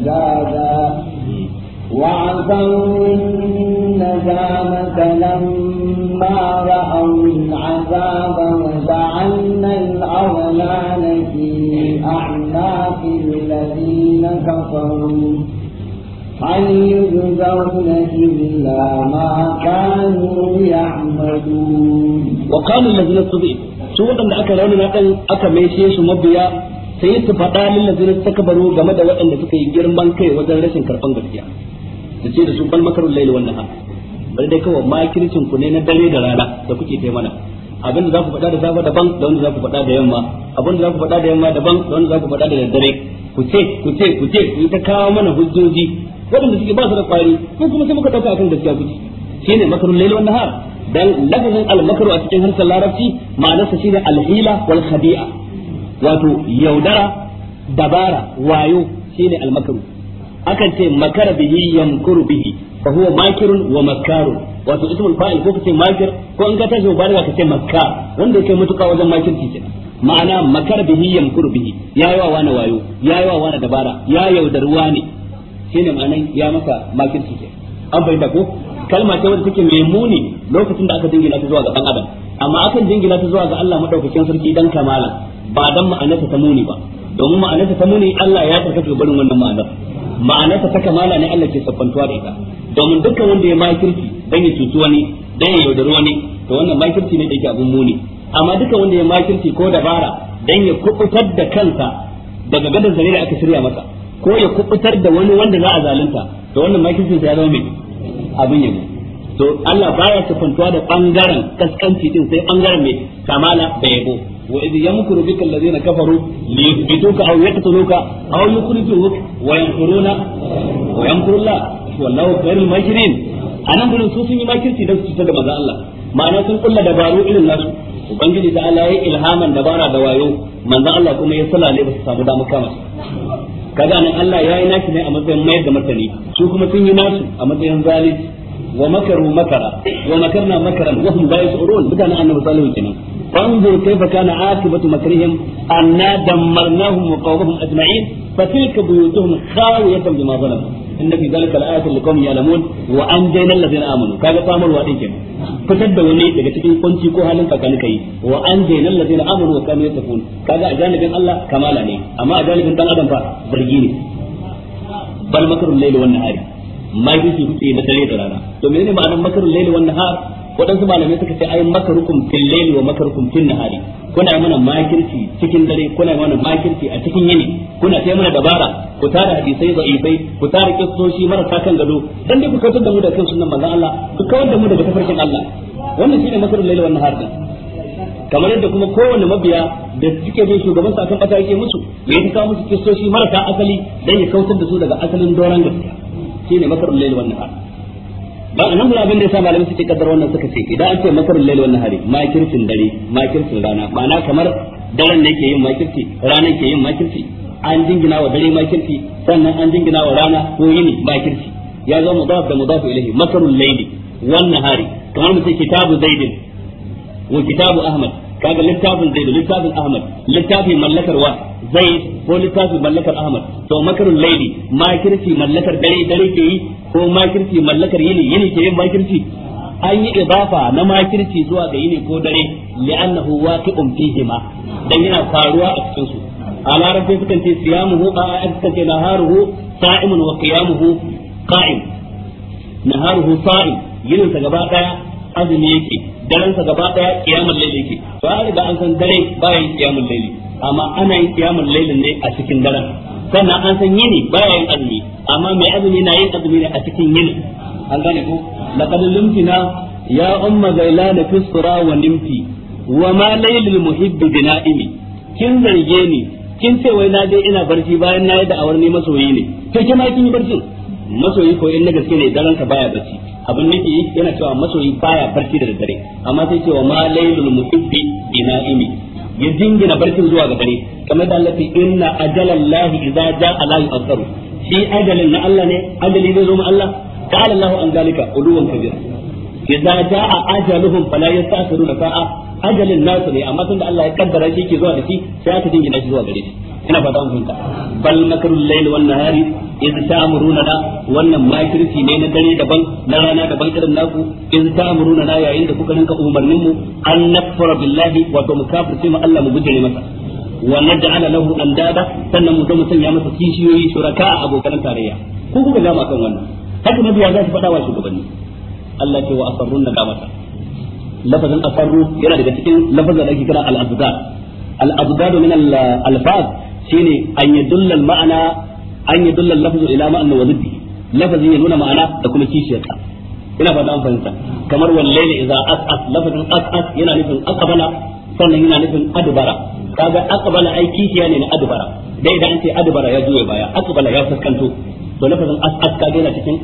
أحزابا وعفوا الندامة لما رأوا العذاب وجعلنا الأغلال في أعناق الذين كفروا هل يجزون إلا ما كانوا يعملون وقال الذين استضيفوا شو waɗanda aka raunana ɗin aka maishe ومبيا sai su faɗa lil suka baro game da waɗanda suka yi girman kai wajen rashin karɓan gaskiya su ce da su bal makarun laili wannan ha. bari dai kawai makircin ku ne na dare da rana da kuke kai mana abin da za ku faɗa da safe daban da wanda za ku faɗa da yamma abin da za ku faɗa da yamma daban da wanda za ku faɗa da daddare ku ce ku ce ku ce ku ta kawo mana hujjoji waɗanda suke ba su da kwari ko kuma sai muka ɗauka akan gaskiya shi ne makarun laili wannan ha dan lafazin al-makru a cikin harshen larabci ma'anarsa shine al-hila wal khabi'a wato yaudara dabara wayo shine almakaru akan ce makara bihi yamkuru bihi fa huwa makirun wa makarun wato ismul fa'il ko kace makir ko ta zo tashi ka kace makka wanda yake mutuka wajen makirci ce. ma'ana makar bihi yamkuru bihi yayi wa wani wayo yayi wa wani dabara ya yaudar wani shine ma'anan ya masa makirci ce. an bayyana ko kalma ce wanda take mai muni lokacin da aka dinga ta zuwa ga dan adam amma akan dinga ta zuwa ga Allah madaukakin sarki dan kamala ba dan ma'anarsa ta muni ba domin ma'anarsa ta muni Allah ya ke barin wannan ma'anar ma'anarsa ta kamala ne Allah ke sabbantuwa da ita domin dukkan wanda ya makirci dan ya cuci wani dan ya yaudari wani to wannan makirci ne da yake abun muni amma dukkan wanda ya makirci ko dabara dan ya kubutar da kansa daga gadon zare da aka shirya masa ko ya kubutar da wani wanda za a zalunta to wannan makircin ya zama mai abin yabo to Allah baya sifantuwa da bangaren kaskanci din sai bangaren mai kamala da yabo wa وإذ kafaru. بك الذين كفروا ليثبتوك أو يقتلوك أو يخرجوك ويمكرون ويمكر الله والله خير الماكرين anan gurin su sun yi makirci don su cutar da maza Allah ma'ana sun kulla dabaru irin nasu ubangiji da Allah ya ilhaman dabara da wayo manzon Allah kuma ya salale ba su samu da kama su kaga nan Allah ya yi nashi ne a matsayin mayar da martani su kuma sun yi nasu a matsayin zalunci wa makaru makara wa makarna makaran wa hum la yashurun mutanen annabi salihu kenan فانظر كيف كان عاقبة مكرهم أنا دمرناهم وقومهم أجمعين فتلك بيوتهم خاوية بما ظلموا إن في ذلك الآية لقوم يعلمون وأنجينا الذين آمنوا كان قاموا وأنجينا فتد وني daga cikin kunci ko halin tsakanin kai wa anjayna allazina amanu wa kanu yattaqun kaga a janibin Allah kamala ne amma a janibin dan adam fa zargi ne bal makarul layli wan nahari ma yake kuke to ma'anar makarul waɗansu malamai suka ce ai makarukum fil layli wa makarukum fil nahari kuna mana makirci cikin dare kuna mana makirci a cikin yini kuna sai mana dabara ku tara hadisai da'ifai ku tara kissoshi marasa kan gado dan dai ku kautar da mu da kan sunnan manzon Allah ku kawar da mu daga tafarkin Allah wannan shine makarun layli wa nahar kamar yadda kuma kowanne mabiya da suke bin shugaban sa kan kasa yake musu ya yi kawo musu kissoshi marasa asali dan ya kawar da su daga asalin doran gaskiya shine masarar layli wa nahar ba nan mun abin da yasa malamai suke kaddar wannan suka ce idan an ce makarul lail wannan hari makircin dare makircin rana na kamar daren ne ke yin makirci ranar ke yin makirci an jingina wa dare makirci sannan an jingina wa rana ko yini makirci ya zama mudaf da mudaf ilayhi makarul laili wannan hari kamar ce kitabu zaidin wa kitabu ahmad kaga littafin da littafin ahmad littafin mallakar wa zaid ko littafin mallakar ahmad to makarin laili makirci mallakar dare dare ke yi ko makirci mallakar yini yini ke yin makirci an yi idafa na makirci zuwa ga yini ko dare li'annahu waqi'un fihima dan yana faruwa a cikin su a larabci sukan ce siyamuhu a sukan ce naharuhu sa'imun wa qiyamuhu qa'im naharuhu sa'im yinin sa gaba daya azumi yake daren sa gaba daya kiyamul laili yake to an riga an san dare bayan kiyamul laili, amma ana yin kiyamul layl ne a cikin daren sannan an san yini bayan azumi amma mai azumi na yin azumi ne a cikin yini an gane ko laqad limtina ya umma zailana fi sura wa limti. wa ma laylul muhibbi bina'imi kin zarge ni kin ce wai na dai ina barci bayan na yi da'awar ni masoyi ne to kima kin yi barci masoyi ko in na gaske ne daren ka baya bacci abin yake yana cewa masoyi baya barci da dare amma sai cewa ma laylul muhibbi binaimi ya dingina barcin zuwa ga dare kamar da Allah inna ajalallahi idza jaa la yu'akhiru shi ajalin na Allah ne ajali zai zo ma Allah qala Allahu an zalika uluwan kabira idza jaa ajaluhum fala yasta'khiruna sa'a ajalin nasu ne amma tunda Allah ya kaddara shi ke zuwa da shi sai aka dingina shi zuwa gare shi ina fata mun kunta bal makarul layl wan nahari iz ta'muruna da wannan makirci ne na dare daban na rana daban irin naku iz ta'muruna da yayin da kuka rinka umarnin mu an nafara billahi wa to mukafirce mu Allah mu gujere masa wa naj'ala lahu andada sannan mu zama sanya masa kishiyoyi shuraka abokan tarayya ko kuka gama kan wannan haka mabiya za su faɗa wa shugabanni Allah ce wa asarrun da gamata lafazin asarru yana daga cikin lafazin da ake kira al-abdad al-abdad min al-alfaz shine an yadulla ma'ana an yadulla lafzu ila ma'ana wa ziddi lafazi ya nuna ma'ana da kuma kishiyarsa ina fata an fahimta kamar wallahi idza as'as lafazin as'as yana nufin aqbala sannan yana nufin adbara kaga aqbala ai kishiya ne na adbara dai idan an ce adbara ya juye baya aqbala ya fuskanto to lafazin as'as kaga yana cikin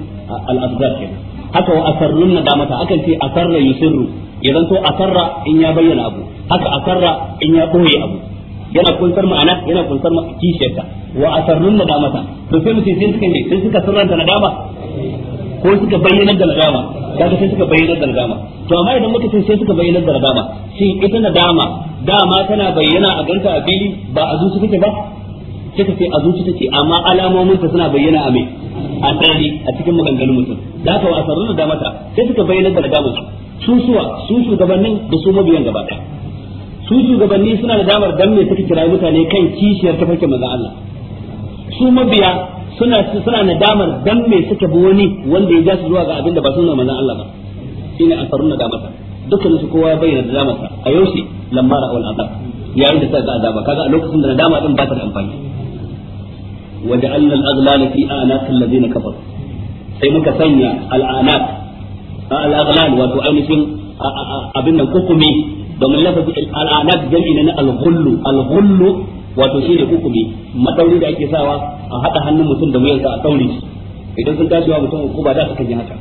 al-asdar kenan haka wa asarrun nadamata akan ce asarra yusirru idan to asarra in ya bayyana abu haka asarra in ya boye abu yana kunsar ma'ana yana kunsar kishiyarta wa asarrun nadamata to sai mutum sai suka ne sai suka sirranta nadama ko suka bayyana da nadama kaga sai suka bayyana da nadama to amma idan muka ce sai suka bayyana da nadama shi ita nadama dama tana bayyana a ganta a fili ba a zuci take ba kika ce a zuci take amma alamomin ta suna bayyana a mai a tsari a cikin maganganun mutum da haka wa asarrun nadamata sai suka bayyana da nadama su suwa su shugabannin da su mabiyan gaba ɗaya su shugabanni suna da damar dan me suka kira mutane kan kishiyar tafarkin manzon Allah su mabiya suna suna nadamar dan me suka bi wani wanda ya ja su zuwa ga abin da ba sunnar manzon Allah ba shine asarun nadamata dukkan su kowa bayyana da damarsa a yau shi lamma ra'ul azab yayin da suka azaba kaga a lokacin da nadama din ba ta da amfani waja'alna al-aghlala fi anaqi alladhina kafaru sai muka sanya al-anaq al-aghlal wato ainihin abin nan kukumi domin lafazi al'anat jami'i na al-ghullu al-ghullu wato shine hukumi madauri da ake sawa a haɗa hannun mutum da wuyarsa a daure shi idan sun tashi wa mutum hukuma da suka yi haka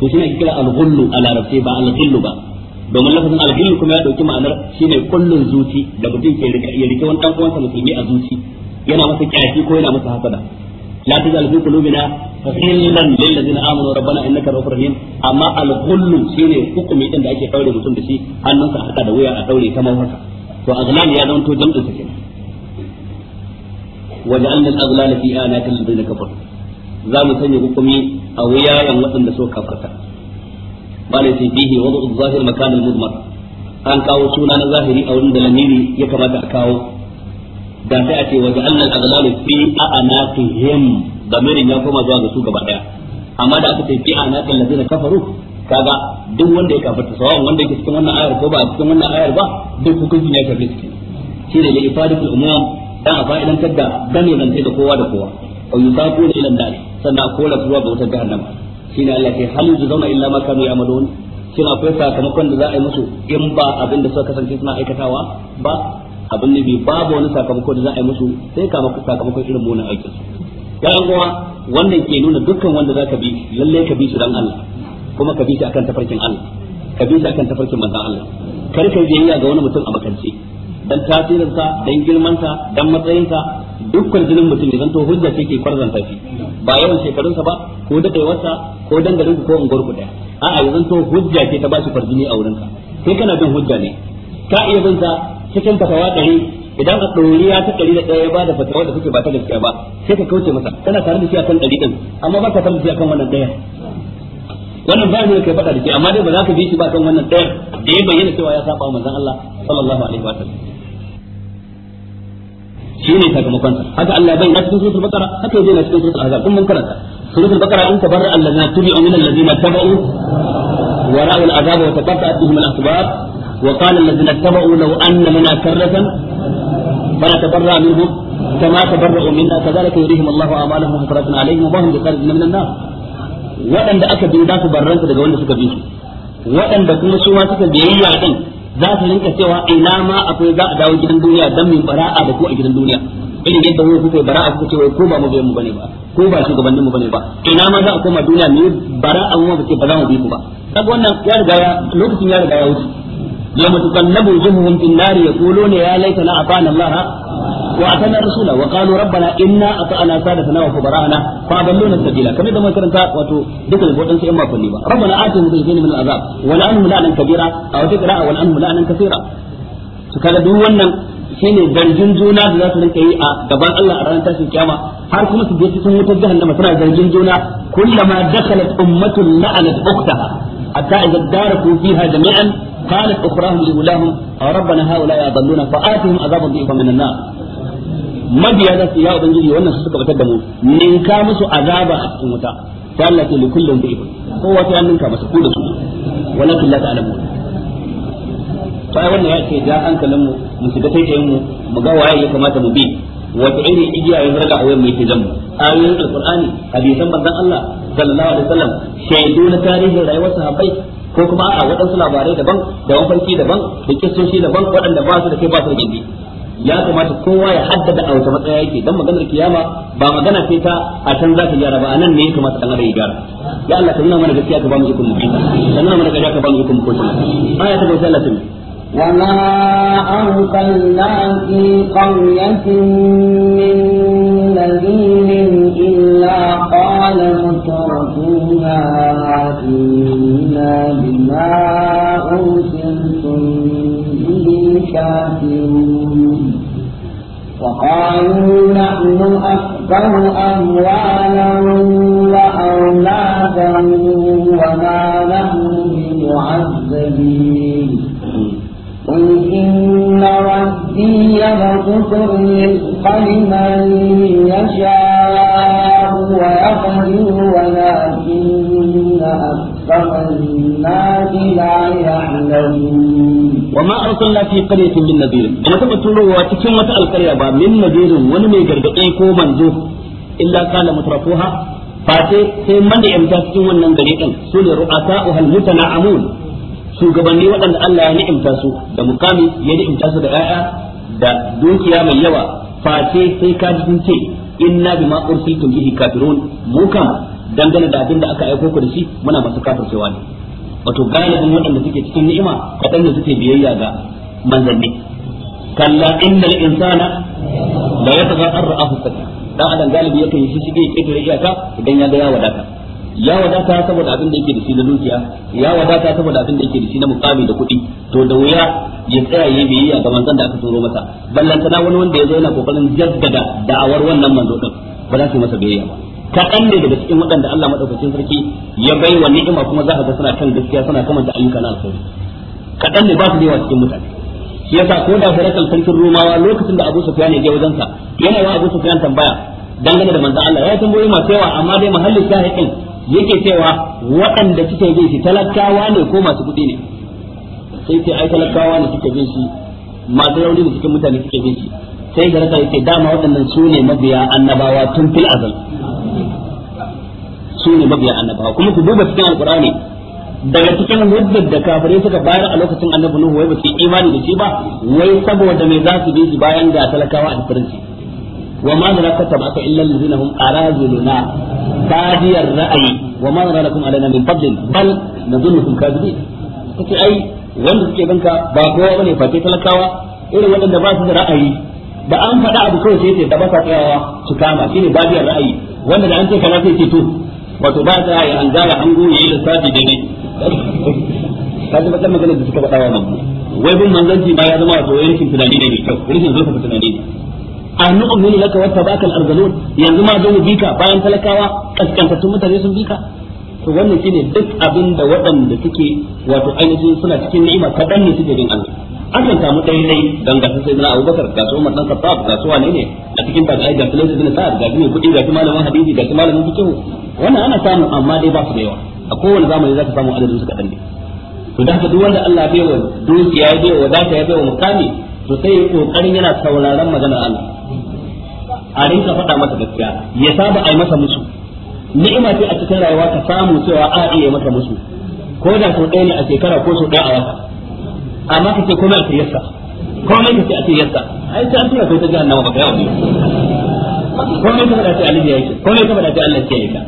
to shine ake kira al-ghullu a larabce ba al-ghillu ba domin lafazin al-ghillu kuma ya dauki ma'anar ne kullun zuci da mutum ke rike ya rike wani dan uwansa musulmi a zuci yana masa kyashi ko yana masa hasada la tajal fi qulubina hillan lil ladina amanu rabbana innaka ra'ufur rahim amma al ghullu shine hukumi din da ake daure mutum da shi hannunsa haka da wuya a daure kamar haka to azlan ya zanto jam'in sa kenan waja'alna al azlala fi anati alladhina kafaru za mu sanya hukumi a wuyayen waɗanda so kafarta ba da sai bihi wa zahir makanin mudmar an kawo suna na zahiri a wurin da lamiri ya kamata a kawo da sai a ce waje annal aghlalu fi a'naqihim damirin ya koma zuwa ga su gaba daya amma da aka ce fi ana kan lazina kafaru kaga duk wanda ya kafarta sawan wanda yake cikin wannan ayar ko ba cikin wannan ayar ba duk hukuncin ya shafe shi shine da ifadatul umum dan a fa'idantar da gane zance da kowa da kowa aw da ila nar sannan ko la zuwa ga wutar jahannama ne Allah ke hal yuzuna illa ma kanu ya'malun shin akwai sakamakon da za a yi musu in ba abin da suka kasance suna aikatawa ba abin ne babu wani sakamako da za a yi musu sai sakamakon irin munin aikin su ya yan uwa wannan ke nuna dukkan wanda za ka bi lalle ka bi shi dan Allah kuma ka bi shi akan tafarkin Allah ka bi shi akan tafarkin manzon Allah kar ka biyayya ga wani mutum a bakance dan tasirinsa dan girmansa dan matsayinsa dukkan jinin mutum ya to hujja ce ke kwarzanta shi ba yawan shekarunsa ba ko da daɗewarsa ko dan garin ko ku daya a ya to hujja ce ta ba shi farjini a wurinka sai kana bin hujja ne ka iya bin sa cikin fatawa ɗari idan a ya ta ɗari da ɗaya ya da fatawa da suke ba ta gaskiya ba sai ka kauce masa kana tare da shi akan ɗari ɗin amma ba ka tare da shi akan wannan ɗaya wannan ba ne kai faɗa da shi amma dai ba za ka bi shi ba kan wannan ɗaya da ya bayyana cewa ya saba manzon Allah sallallahu alaihi wa sallam shi ne sakamakon haka Allah ya bayyana cikin suratul bakara haka yake yana cikin suratul ahzab kun mun karanta suratul bakara in tabarra allazina tubi'u min allazina tabu wa ra'u al'azaba wa taqatta'at bihim al-asbab وقال الذين اتبعوا لو أن لنا كرة فلا تبرأ منهم كما تبرأوا منا كذلك يريهم الله أعمالهم حسرات عليهم وهم بخارج من النار وأن أكا بيدا فبرنت daga wanda suka bi waɗanda kuma su ma suka biyayya din za su rinka cewa ina ma akwai za a dawo gidan duniya dan min bara'a da ku a gidan duniya irin yadda mu kuke bara'a kuka ce wai ko ba ina ma za a koma duniya ne bara'a mu ba ce ba za mu ba kaga wannan ya riga lokacin ya riga ya يوم تقلب وجوههم في النار يقولون يا ليتنا أطعنا الله وأتنا الرسول وقالوا ربنا إنا أطعنا سادتنا وكبراءنا فأضلونا السبيل كما إذا ما كرنتا وتو ذكر البوتنس إما فليبا ربنا آتهم ضيفين من العذاب ولعنهم لعنا كبيرا أو تقرأ ولعنهم لعنا كثيرا فكذا دون ونن shine zargin juna da za su rinka yi a gaban Allah a ranar tashin kiyama har kuma su je cikin wutar jahannama suna zargin juna kullama dakhalat ummatun la'anat ukhtaha hatta idza daraku fiha jami'an قالت أخراهم لأولاهم ربنا هؤلاء أضلونا فآتهم عذابا ضعيفا من النار ubangiji wannan su suka batar da ninka musu azaba a cikin wuta ta Allah ke da ibn kowa ta ninka masa ku da su la ta'lamu to ai wannan ya ce da hankalin mu mu shiga taitayin mu mu ga waye ya kamata mu bi wata irin igiya ya zarga a wayan mu Allah shaidu na tarihin rayuwar sahabbai ko kuma a waɗansu labarai daban da mafarki daban da kisoshi daban waɗanda ba su da kai ba su da gindi ya kamata kowa ya haddada a wata matsaya yake dan maganar kiyama ba magana ce ta a can za ta gyara ba a nan ne ya kamata dan adam ya gyara ya Allah ka nuna mana gaskiya ka ba mu ikon mutum ka nuna mana gaskiya ka ba mu ikon mutum Ba aya ta gaisa Allah wala وما أرسلنا في قرية من نذير illa قال مترفوها إنا بما أرسلتم به كافرون وقالوا نحن أكثر أموالا وأولادا وما نحن بمعذبين قل إن ربي يبسط الرزق لمن يشاء ويقدر ولكن أكثر الناس لا يعلمون وما أرسلنا في قرية من نذير أنا كما تقولوا واتكين wani mai من ko ونمي قرقعي كوما إلا قال مترفوها فاتي sai من يمتا cikin wannan gari din su ne ru'asa'uha almutana'amun shugabanni waɗanda Allah ya ni'imta su da mukami ya ni'imta su da ƴaƴa da dukiya mai yawa face sai ka ji ce inna bima ursiltum bihi kafirun mu dangane da abin da aka aiko ku da shi muna masu kafircewa ne wato galibin waɗanda suke cikin ni'ima waɗanda suke biyayya ga manzanni kalla innal insana la yatagha ar-ra'ahu adam galibi yakan yi shi ya kidare iyaka idan ya ga ya wadata ya wadata saboda abin da yake da shi na dukiya ya wadata saboda abin da yake da shi na mukami da kuɗi to da wuya ya tsaya ya biyayya ga manzan da aka turo masa ballantana wani wanda ya zo yana kokarin jaddada da'awar wannan manzo din ba za su masa biyayya ba kaɗan ne daga cikin waɗanda Allah maɗaukacin sarki ya bai wa ni'ima kuma za a ga suna kan gaskiya suna kamanta ayyuka na alkhairi kaɗan ne ba su da yawa cikin mutane shi yasa ko da farakal sarkin rumawa lokacin da Abu Sufyan ya je wajen sa yana wa Abu Sufyan tambaya dangane da manzon Allah ya tambayi masu yawa amma dai mahallin shahidin yake cewa waɗanda suke bin shi talakawa ne ko masu kuɗi ne sai ce ai talakawa ne suke bin shi masu rauni da cikin mutane suke bin shi sai da rasa yake dama waɗannan su ne mabiya annabawa tun fil azal su ne mabiya annabawa kuma ku duba cikin alqur'ani daga cikin hujjar da kafirai suka bayar a lokacin annabi nuhu wai ba su imani da shi ba wai saboda mai za su bi shi bayan ga talakawa a firinci wa ma nara katabaka illa allazina hum arazuluna badiyar ra'ayi wa ma nara lakum alaina min fadlin bal nadunnukum kadibin kace ai wanda suke ganka ba kowa bane fate talakawa irin wanda ba su da ra'ayi da an faɗa abu kawai sai ce da ba sa tsayawa su kama shine badiyar ra'ayi wanda da an ce kana sai ce to wato ba ta yi an gara an goye yi lissafi da ne ka ji ta magana da suka faɗa wa mamu wai bin manzanci ba ya zama wato yankin tunani ne mai kyau rikin zurfafa tunani ne a nu'minu laka wata bakal arzalun yanzu ma zo bika bayan talakawa kaskantattun mutane sun bika to wannan shine duk abin da waɗanda suke wato ainihin suna cikin ni'ima kaɗan ne suke bin Allah akan samu ɗaya ne dan gasar sai na abubakar ga su dan khattab ga su wane ne a cikin tabi'ai ga su bin sa'ad ga su ne kuɗi ga malamin hadisi ga malamin fiqh wannan ana samu amma dai ba su da yawa a kowane zamani za ka samu adadin su kaɗan ne to da haka duk wanda Allah bai wa dukiya ya bai wa wadata ya bai wa mukami to sai ya kokarin yana sauraron maganar Allah a rinka faɗa masa gaskiya ya saba ai masa musu ni'ima ce a cikin rayuwa ka samu cewa a iya masa musu ko da sau ɗaya ne a shekara ko sau ɗaya a wata amma ka ce komai a ce yassa komai ka ce a ce yassa ai sai an tura kai ta jahannama baka yawa ne ko ne saboda sai alibi yake ko saboda sai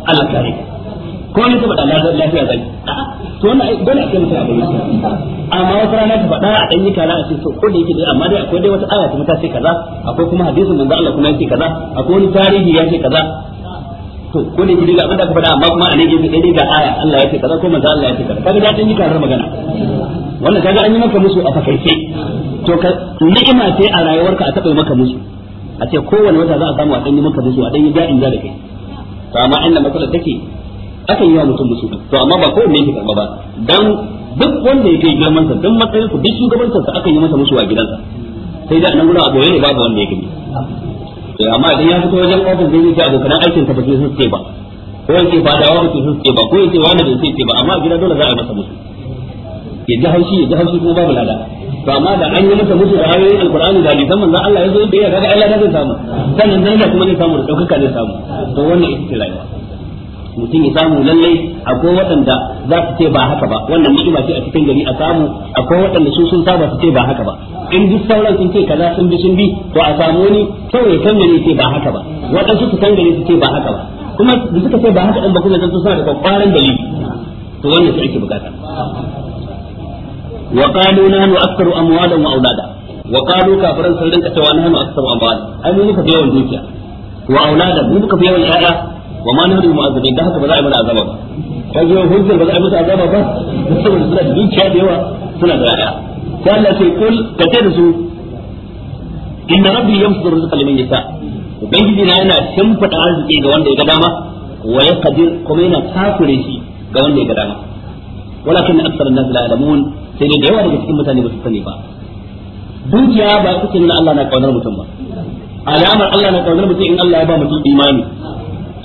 Allah ka Allah ka ko saboda lafiya zai to wannan dole mutum amma wata rana ta faɗa a ɗan yi a to ko da yake dai amma dai akwai dai wata aya kaza akwai kuma hadisin manzo Allah kuma yake kaza akwai wani tarihi kaza to ko abin da aka faɗa amma kuma a ga aya Allah kaza ko manzo Allah kaza kaga da ɗan yi magana wannan kaga an yi maka musu a fakaice to ka ni'ima ce a rayuwarka a taɓa maka musu a ce kowane wata za a samu a ɗanyi maka da su a ɗanyi da'in za da kai to amma inda matsalar take akan yi wa mutum musu to amma ba kowanne yake karba ba dan duk wanda yake girman sa dan matsayin duk shugaban sa akan yi masa musu a gidansa sai da nan gura a boye ne babu wanda yake to amma idan ya fito wajen ofis zai yi abokan aikin ta ba sai sun ce ba ko yake ba dawa ba sun ce ba ko yake wani da sai ce ba amma a gida dole za a yi masa musu ya ji haushi ya ji haushi kuma babu lada to amma da an yi masa musu da ayoyin alqur'ani da hadisan manzon Allah ya zo da ya kaga Allah zai samu sannan daraja kuma ne samu da daukaka zai samu to wannan ita ce rayuwa mutum ya samu lallai akwai waɗanda za su ce ba haka ba wannan ba ce a cikin gari a samu akwai waɗanda su sun saba su ce ba haka ba in duk sauran sun ce kaza sun bi sun bi to a samu ni kawai kan gari ce ba haka ba waɗansu su kan gari su ce ba haka ba kuma da suka ce ba haka ɗin ba kuma zan suna da kwakwaran dalili to wannan su ake bukata wa qalu nahnu aktharu amwalan wa aulada wa qalu kafiran sun rinka cewa nahnu aktharu amwalan ai mu muka fi yawan dukiya wa aulada mu muka fi yawan yaya wa ma nahnu mu'azzabin da haka ba za a yi mana azaba ba kaje hujjar ba za a yi mata azaba ba saboda suna da dukiya da yawa suna da yaya sai Allah sai kul ka ce da su inna rabbi yamsudu rizqa liman yasha ubangiji na yana shimfida arziki ga wanda ya ga dama wa yaqdir kuma yana kafire shi ga wanda ya ga dama walakin aktsarun nas la ya'lamun sai dai da yawa daga cikin mutane ba su sani ba dukiya ba su ce na Allah na kaunar mutum ba alamar Allah na kaunar mutum in Allah ya ba mutum imani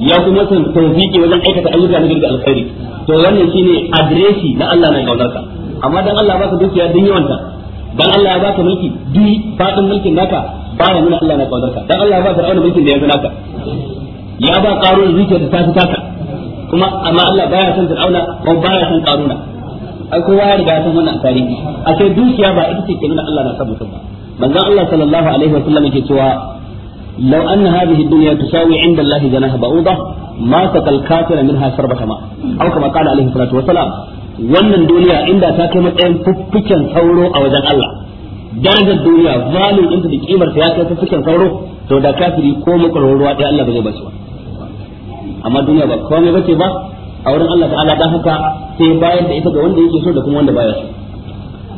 ya kuma san tawfiki wajen aikata ayyuka na girga alkhairi to wannan shine adresi na Allah na kaunar ka amma dan Allah ba ka dukiya yawan yawanta dan Allah ya ka mulki duk fadin mulkin naka baya nuna Allah na kaunar ka dan Allah ba ka fir'auna mulkin da ya naka ya ba qarun zuciya da ta taka kuma amma Allah baya san fir'auna ko baya san karuna. ai kowa ya riga san wannan tarihi ashe dukiya ba ita ce ke nuna Allah na san mutum ba manzon Allah sallallahu alaihi wasallam yake cewa law anna hadhihi dunya tusawi inda Allah janaha ba'udah ma taqal kafira minha sharbata ma aw kama qala alaihi salatu wasalam wannan duniya inda ta kai matsayin fuffuken sauro a wajen Allah darajar duniya value ɗinta da kimar ta ya kai fuffuken sauro to da kafiri ko makwarwar ruwa ɗaya Allah ba zai ba shi ba amma duniya ba komai bace ba a wurin Allah ta'ala dan haka sai bayar da ita ga wanda yake so da kuma wanda baya so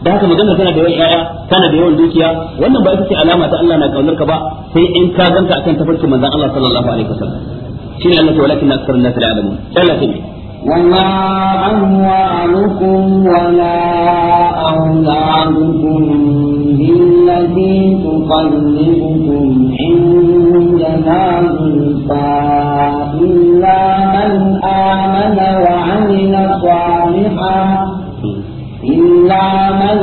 da haka magana tana da yawan yaya tana da yawan dukiya wannan ba ita ce alama ta Allah na kaunar ka ba sai in ka ganta akan tafarkin manzon Allah sallallahu alaihi wasallam shine Allah ta walakin aksarun nas la alamun a وما أموالكم ولا أولادكم بالتي تقلبكم عندنا زلفى إلا من آمن وعمل صالحا إلا من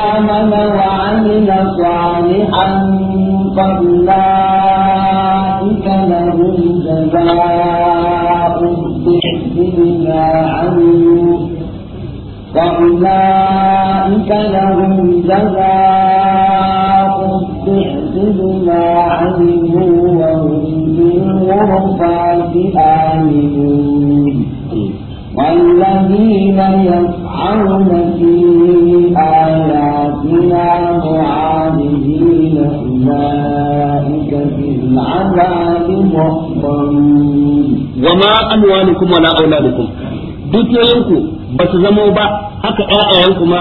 آمن وعمل صالحا فأولئك فأولئك لهم جزاء الضعف بما عملوا وهم في الغرفات آمنون والذين يسعون في آياتنا معاذين أولئك في العذاب محضرون وما أموالكم ولا أولادكم dukiyoyinku ba su zamo ba haka ƴaƴayen kuma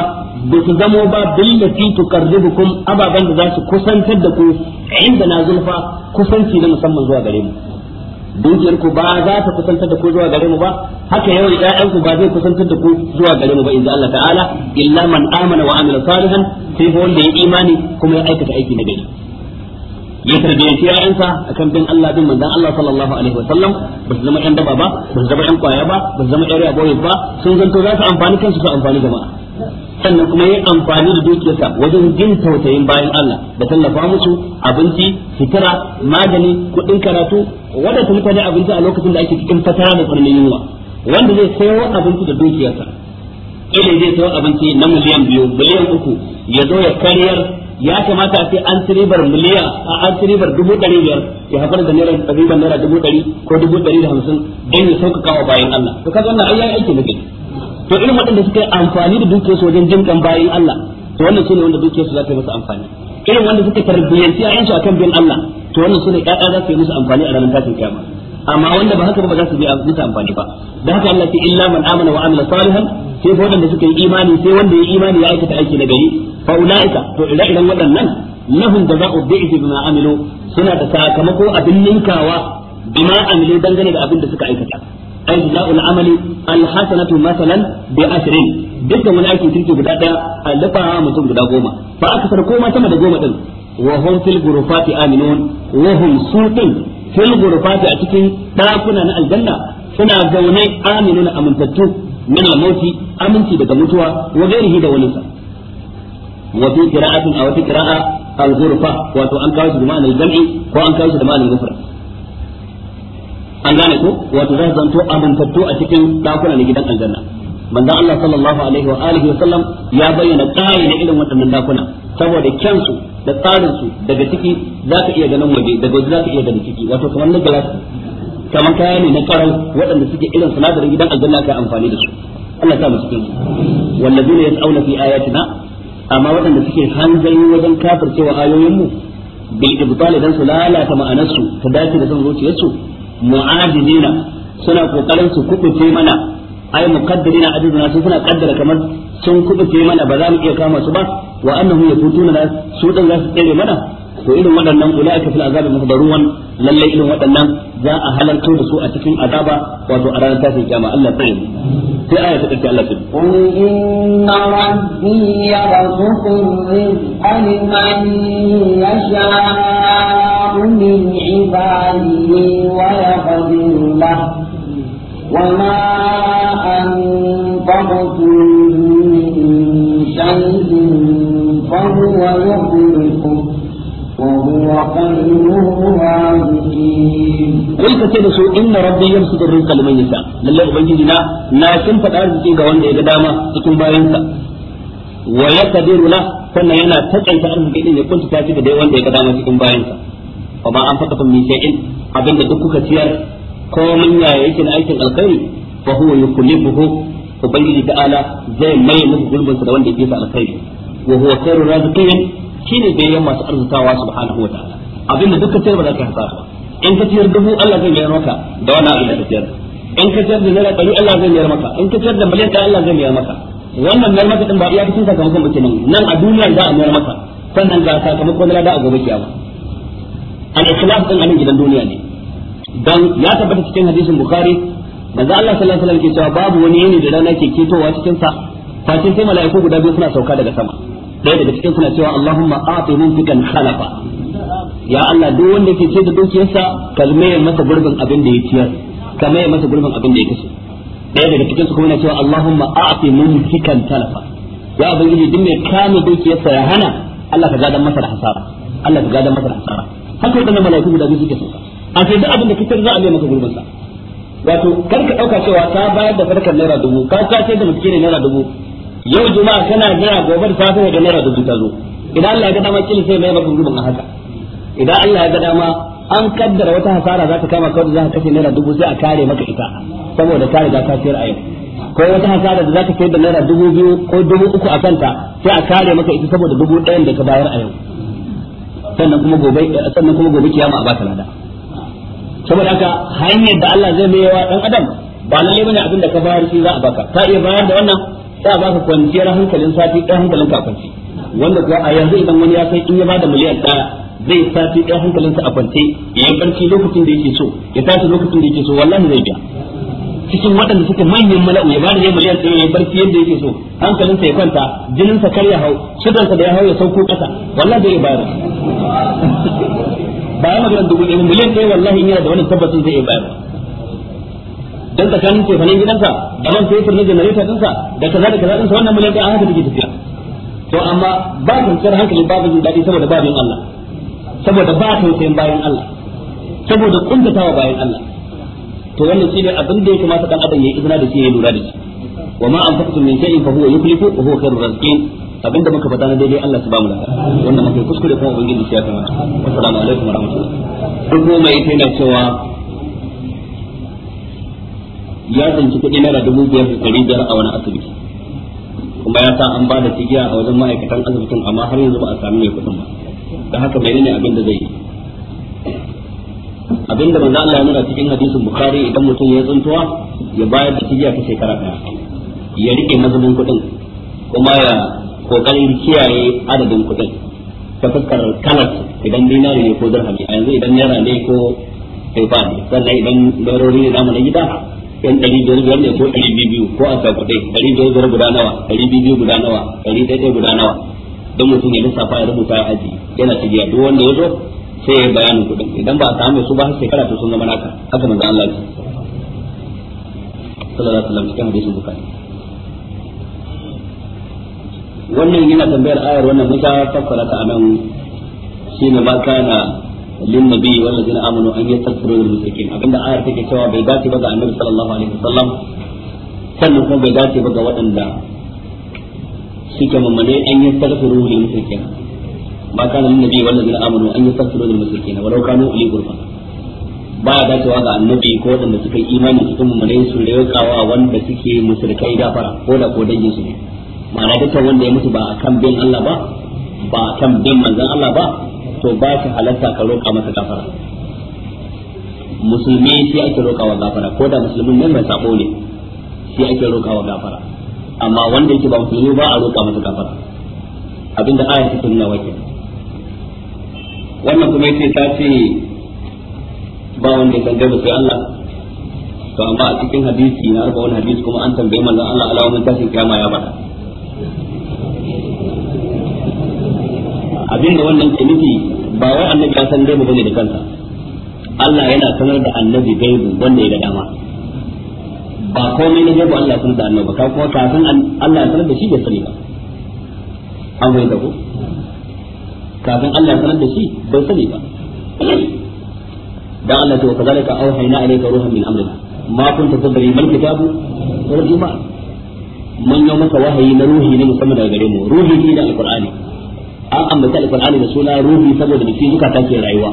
ba su zamo ba billati tuqarribukum ababan da za su kusantar da ku inda na zulfa kusanci na musamman zuwa gare mu dukiyar ku ba za ta kusantar da ku zuwa gare mu ba haka yawan ƴaƴan ku ba zai kusantar da ku zuwa gare mu ba inda Allah ta'ala illa man amana wa amila salihan sai fa wanda ya imani kuma ya aikata aiki na gari ya tarbiyyanci ƴaƴansa akan bin Allah bin manzon Allah sallallahu alaihi wa sallam ba su zama ƴan daba ba ba su zama ƴan kwaya ba ba su zama ƴan raboyi ba sun zanto za su amfani kansu su amfani jama'a sannan kuma yi amfani da dukiyarsa wajen jin tausayin bayan Allah da tallafa musu abinci fitira magani kuɗin karatu wadanda mutane abinci a lokacin da ake cikin fatara da tsananin yunwa wanda zai sayo abinci da dukiyarsa ilai zai sayo abinci na miliyan biyu miliyan uku ya zo ya karyar ya kamata a ce an ci ribar miliya a an ci ribar dubu ɗari biyar ya haifar da naira ribar naira dubu ɗari ko dubu ɗari da hamsin don ya sauƙaƙa wa bayan Allah to kaga wannan ai aiki nake to irin waɗanda suka yi amfani da dukiyar su wajen jinkan bayan Allah to wannan sune wanda dukiyar su za ta yi musu amfani irin wanda suka tarbiyyanci a su akan bin Allah to wannan sune ƴaƴa za su yi musu amfani a ranar tashin kiyama amma wanda ba haka ba za su bi musu amfani ba da haka Allah ce illa man amana wa amila salihan sai wanda suka yi imani sai wanda ya imani ya aikata aiki na gari fa ulaika to ire iren waɗannan lahum jaza'u bi'thi bima amilu suna da sakamako abin ninkawa bima amilu dangane da abin da suka aikata ai jaza'ul amali alhasanatu masalan bi ashrin dukkan wani aikin kirki guda daya allafa mutum guda goma fa akasar koma sama da goma ɗin wa hum fil ghurufati aminun wa hum sutin fil a cikin ɗakuna na aljanna suna zaune aminuna amintattu min al-mauti aminci daga mutuwa wa ghairihi da walinsa a fi qira'atin aw fi qira'a al-ghurfa wato an kawo shi da ma'anar jam'i ko an kawo shi da ma'anar mufrad an gane wato za zanto amintattu a cikin dakuna na gidan aljanna manzon Allah sallallahu alaihi wa alihi wa sallam ya bayyana tsari na irin waɗannan dakuna saboda kyansu da tsarinsu daga ciki za ka iya ganin waje daga waje za ka iya ganin ciki wato kamar na glass kamar kaya ne na karau waɗanda suke irin sinadarin gidan aljanna ka amfani da su Allah ta mu cikin amma waɗanda suke hanzari wajen kafircewa ayoyin mu bil ibtal dan su lalata ma'anarsu ta dace da son zuciyarsu mu'adilina suna kokarin su kubuce mana ai muqaddirina ajruna su suna kaddara kamar sun kubuce mana ba za mu iya kama su ba wa annahum yafutuna su dan za su tsere mana to irin waɗannan ulaika fil azabi muhdarun lalle irin waɗannan za a halarto da su a cikin azaba wato a ranar tashin kiyama Allah sai aya ta kace Allah tsare qul inna rabbi yarzuqu rizqan liman yasha'u min ibadihi wa yaqdir lahu وما أنفقتم من شيء فهو يخلف Kul ce da su inna rabbi da rizqa liman yasha lalle ubangiji na na kin fada arziki ga wanda ya ga dama cikin bayansa wa yaqdiru la sannan yana takaita arziki din ya kunta shi da dai wanda ya ga dama cikin bayansa fa ba an faka min shay'in abinda duk kuka ciyar ko mun yaya yake na aikin alkhairi fa huwa yukullibuhu ubangiji ta'ala zai mai muku gurbin sa da wanda yake sa alkhairi wa huwa khairur raziqin shine bayan masu arzikawa subhanahu wa ta'ala abin da dukkan ba za ka hasara in ka ciyar dubu Allah zai mayar maka da wannan abin da ka ciyar in ka ciyar da naira ɗari Allah zai mayar maka in ka ciyar da miliyan Allah zai mayar maka wannan mayar maka din ba iya cikin sakamakon ba kenan nan a duniya za a mayar maka sannan ga sakamakon da a gobe kiyama al-ikhlas din anan gidan duniya ne dan ya tabbata cikin hadisin bukhari manzo Allah sallallahu alaihi wasallam ke cewa babu wani yini da rana ke ketowa cikin sa face sai mala'iku guda biyu suna sauka daga sama daya daga cikin suna cewa Allahumma a'ti fikan khalafa ya Allah duk wanda ke ce da dukiyarsa ka maye masa gurbin abin da ya ciyar ka maye masa gurbin abin da ya kashe ɗaya daga cikin su kuma yana cewa Allahumma a'ti mumsikan talafa ya ubangiji duk mai kame dukiyarsa ya hana Allah ka gadan masa da hasara Allah ka gadan masa da hasara haka wadannan malaiku guda biyu suke sauka a sai duk abin da kake za a maye masa gurbin sa wato kar ka dauka cewa ta bayar da farkar naira dubu ka ta ce da miskini naira dubu yau juma'a kana jira gobe da safe da naira dubu ta zo idan Allah ya ga dama kila sai mai maka gurbin a haka idan Allah ya ga dama an kaddara wata hasara za ta kama kawai da za ka kashe naira dubu sai a kare maka ita saboda ta riga ta siyar a yau ko wata hasara da za ka kai da naira dubu biyu ko dubu uku a kanta sai a kare maka ita saboda dubu ɗayan da ka bayar a yau sannan kuma gobe sannan kuma gobe kiyama a baka lada saboda haka hanyar da Allah zai mai wa dan adam ba lalle bane abin da ka bayar shi za a baka ka iya bayar da wannan sai a baka kwanciyar hankalin sati ɗaya hankalin ka wanda kuwa a yanzu idan wani ya kai in ya bada miliyan ɗaya zai sati ɗan hankalinsa a kwance ya yi barci lokacin da yake so ya tashi lokacin da yake so wallahi zai biya cikin waɗanda suke manyan mala'u ya bada yamma miliyan tsaye ya barci yadda yake so hankalinsa ya kwanta jininsa kar ya hau sudansa da ya hau ya sauko ƙasa wallahi zai bayar ba ya magana dubu ɗaya miliyan ɗaya wallahi in yana da wani tabbacin zai bayar dan tsakanin tefanin gidansa da ban fetur na janareta dinsa da kaza da kaza dinsa wannan miliyan ɗaya haka take tafiya to amma ba kwanciyar hankali babu jin daɗi saboda babin Allah saboda ba yi bayan Allah saboda kuntatawa bayan Allah to wannan shine abin da ya kamata dan adam yayi izina da shi ya lura da shi wa ma anfaqtum min shay'in fa huwa yukhlifu wa huwa khairur razqin abinda muka fada na daidai Allah subhanahu ba mu lada wanda muka kuskure kuma ubangiji shi ya kamata assalamu alaikum warahmatullahi duk mai na cewa ya zanci kuɗi naira dubu biyar da ɗari biyar a wani asibiti kuma ya sa an ba da tigiya a wajen ma'aikatan asibitin amma har yanzu ba a sami mai kuɗin ba da haka ne abin da zai yi abin da manzo Allah ya nuna cikin hadisin bukhari idan mutum ya tsuntuwa ya bayar da tijiya ta shekara ɗaya ya rike mazubin kuɗin kuma ya kokarin kiyaye adadin kuɗin ta fuskar kalas idan dinari ne ko dirhami a yanzu idan naira ne ko paypal ne sannan idan dorori ne zamu na gida yan ɗari biyar biyar ne ko ɗari biyu biyu ko a sa ɗari biyar biyar guda nawa ɗari biyu biyu guda nawa ɗari ɗaya ɗaya guda nawa don mutum ya lissafa ya rubuta ya aji yana biya duk wanda ya zo sai ya bayanin kuɗin idan ba a samu su ba har shekara to sun zama naka haka manzo Allah ya sallallahu alaihi cikin hadisin bukari wannan yana tambayar ayar wannan musa fassara ta anan shine ma kana lin nabi wal ladina amanu an yastaghfiru lil musrikin abinda ayar take cewa bai dace ba ga annabi sallallahu alaihi wasallam sannan kuma bai dace ba ga waɗanda suke mamane an yi sarfiru da mushrikin ba kana nuna nabi wanda zina amanu an yastaghfiru lil mushrikin walau kanu uli gurfa ba ya dacewa ga annabi ko wanda suka yi imani cikin mamane su rekawa wanda suke musulkai gafara ko da ko dangin su ne ma'ana duka wanda ya mutu ba a kan bin Allah ba ba a kan bin manzon Allah ba to ba shi halatta ka roƙa masa gafara musulmi sai ake roƙawa gafara ko da musulmin ne mai sabo ne sai ake roƙawa gafara amma wanda yake ba musulmi ba a roƙa masa kafara abinda aya take nuna wake wannan kuma yace ta ce ba wanda ya san gaba sai Allah to amma a cikin hadisi na arba wani hadisi kuma an tambaye manzon Allah alawamin tashin kiyama ya bada abinda wannan ke nufi ba wai annabi ya san gaibu bane da kansa Allah yana sanar da annabi gaibu wanda ya ga dama ba komai na gaba Allah sun da annabi ka kuma kafin Allah ya sanar da shi bai sani ba an bai da ku kafin Allah ya sanar da shi bai sani ba dan Allah ta wa kazalika auhayna ilayka ruhan min amrina ma kunta tadri mal kitabu wal iman mun yi maka wahayi na ruhi ne musamman daga gare mu ruhi ne da alqur'ani an ambata alqur'ani da suna ruhi saboda mutum shi take rayuwa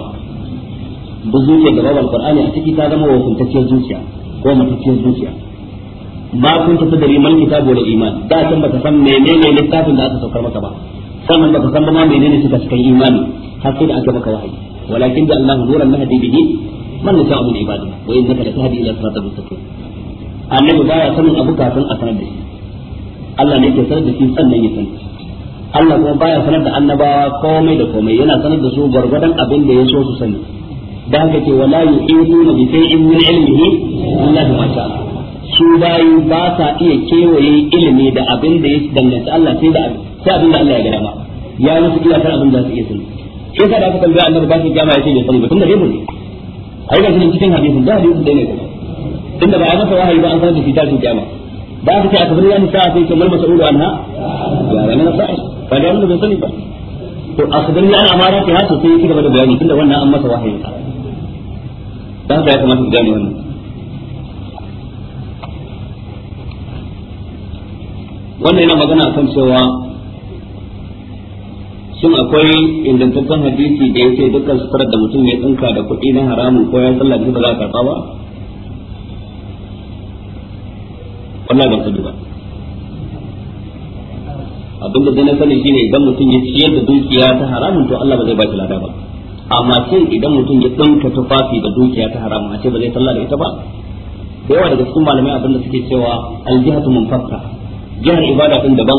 duk zuciya da babu alqur'ani a ciki ta zama wa hukuntacciyar zuciya ko matacciyar zuciya ba kun tafi da riman kitabu da iman da can ta san menene littafin da aka saukar maka ba sannan baka san ba ma menene suka yi imani har sai da aka maka wahayi walakin da Allahu nuran mahdi bihi man ta abu ibadu wa innaka la tahdi ila siratal mustaqim annabi ba ya sanin abu kafin a sanar da shi Allah ne ke sanar da shi sannan ya san Allah kuma baya sanar da annabawa komai da komai yana sanar da su gwargwadon abin da ya so su sani da haka ke wala yu'iduna bi shay'in min ilmihi illa ma sha'a su bayi ba sa iya kewaye ilimi da abin da ya danganci Allah sai da sai abin da Allah ya gada ba ya musu kila san abin da su iya sani shi yasa da aka tambaya annabi ba shi jama'a yake bai sani ba tunda dai mun ai ga cikin cikin hadisin da hadisin da ne kuma tunda ba a masa wahayi ba an san da shi ta jama'a da aka ce a kafin yana sa'a sai kamar mas'ulu anha ya na sa'a ba da mun bai sani ba to a akhbarni an amara ha to sai ya ci gaba da bayani tunda wannan an masa wahayi ba ta ya kamata ku gane wannan wannan yana magana akan cewa shin akwai ingantaccen hadisi da yake dukkan sutura da mutum ya tsinka da kuɗi na haramun ko ya sallah da za a karɓa ba wannan ba su ba abin da na sani shine idan mutum ya ciyar da dukiya ta haramun to Allah ba zai ba shi lada ba amma shin idan mutum ya tsinka tufafi da dukiya ta haramun a ce ba zai sallah da ita ba da yawa daga cikin malamai abin da suke cewa aljihatu munfakka jihar ibada din daban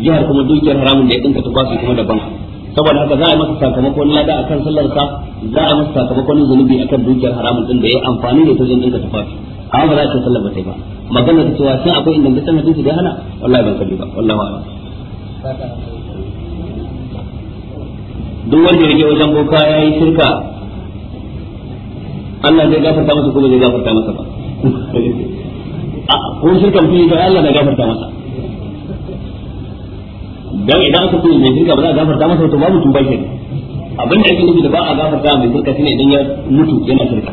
jihar kuma dukiyar haramun da ya dinka tufafi kuma daban saboda haka za a masa sakamakon lada akan sallar sa za a masa sakamakon zunubi akan dukiyar haramun din da ya amfani da ita wajen dinka tufafi amma ba za a ce sallar ba ta yi ba magana ta cewa sai akwai ingantaccen hadisi da hana wallahi ban kalli ba wallahi wa'ala duk wanda ya je wajen boka ya yi shirka Allah zai gafarta masa ko ba zai gafarta masa ba [laughs] ko shirka mutum ya Allah zai gafarta masa dan idan aka ce mai shirka ba za a gafarta masa to babu tuba ke abin da yake nufi da ba a gafarta mai shirka shine idan ya mutu yana shirka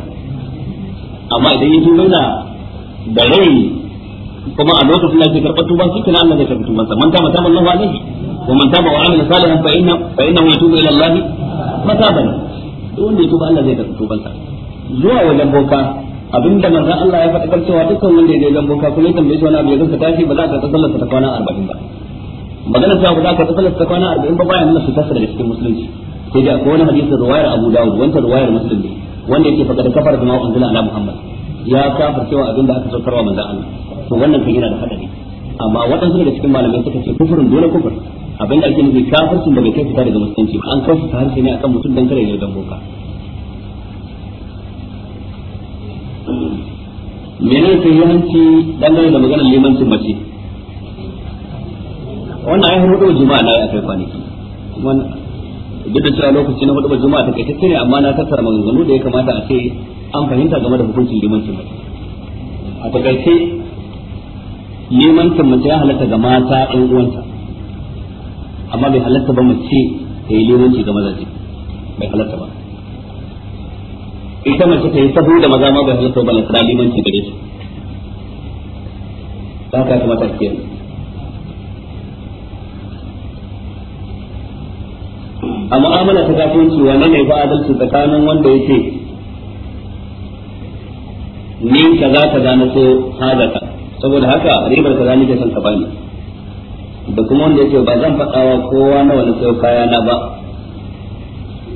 amma idan ya tuba yana da rai kuma a lokacin da yake karɓar tuba shi kana Allah zai karɓi tuban sa man mata Allah wa alaihi wa man tama wa amila salihan fa inna fa innahu yatubu ila Allah mataban duk wanda ya tuba Allah zai karɓi tuban sa zuwa wajen boka abinda manzon Allah ya faɗa cewa dukkan wanda ya je wajen boka kuma ya tambaye shi wani abu ya zanta tashi ba za ka ta sallar ta kwana 40 ba Maganar ta guda ka tafalar ta kwana 40 ba bayan nan su tasara da cikin musulunci sai da wani hadisin ruwayar Abu Dawud wanda ruwayar Muslim ne wanda yake faqad kafara bima unzila ala Muhammad ya kafar cewa abin da aka saukarwa manzon Allah to wannan kan yana da hadari amma waɗansu daga cikin malamai suka ce kufurin dole kufur abin da ake nufi kafircin da bai kai fita daga musulunci an kawo ta harshe ne akan mutum dan kare ne dan boka menene sai yawanci dangane da maganar limancin mace wannan ai hudu juma'a na ya kai kwanaki kuma duk da cewa lokaci na hudu juma'a ta kai ne amma na tattara maganganu da ya kamata a ce an fahimta game da hukuncin limancin mace a takaice limancin mace ya halatta ga mata ɗan uwanta amma bai halatta ba mace ta yi limanci ga mazaje bai halatta ba ita mace ta yi sahu da maza ma bai halatta ba na limanci gare su ta haka kamata ke kiyaye a mu'amala ta kasuwanci wane ne fa adalci tsakanin wanda yake ni za kaza na so sadaka saboda haka ribar kaza ke son ka bani da kuma wanda yake ba zan faɗawa kowa nawa na sayo kaya na ba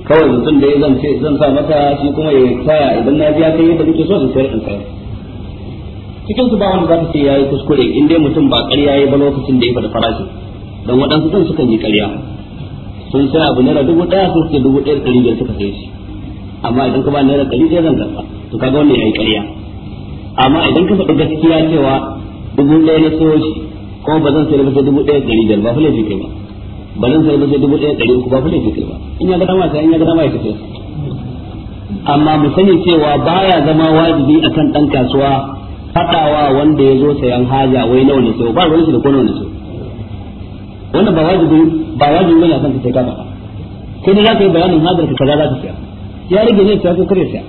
kawai mutum da ya zan ce zan sa mata shi kuma ya kaya idan na biya kai yadda kuke so su sayar in sayar cikin su ba wanda zaka ce ya yi kuskure in dai mutum ba ƙarya yi ba lokacin da ya faɗi farashi don waɗansu sun sukan yi ƙarya sun sai abu naira dubu ɗaya sun suke dubu ɗaya ɗari biyar suka sai shi amma idan ka ba naira ɗari ɗaya zan karɓa to kaga wannan yayi ƙarya amma idan ka faɗi gaskiya cewa dubu ɗaya na sayo shi ko ba zan sayar ba sai dubu ɗaya ɗari biyar ba fulai kai ba ba zan sayar ba sai dubu ɗaya ɗari uku ba fulai kai ba in ya ga dama sai in ya ga dama ya tafi amma mu sani cewa baya zama wajibi akan ɗan kasuwa faɗawa wanda ya zo sayan haja wai nawa ne sayo ba wani shi da ko nawa ne sayo wannan ba wajibi ba wajibi na akan ka sai ka faɗa kai ne za ka yi bayanin hadar ka kaza za ka siya ya rage ne siya ko kare siya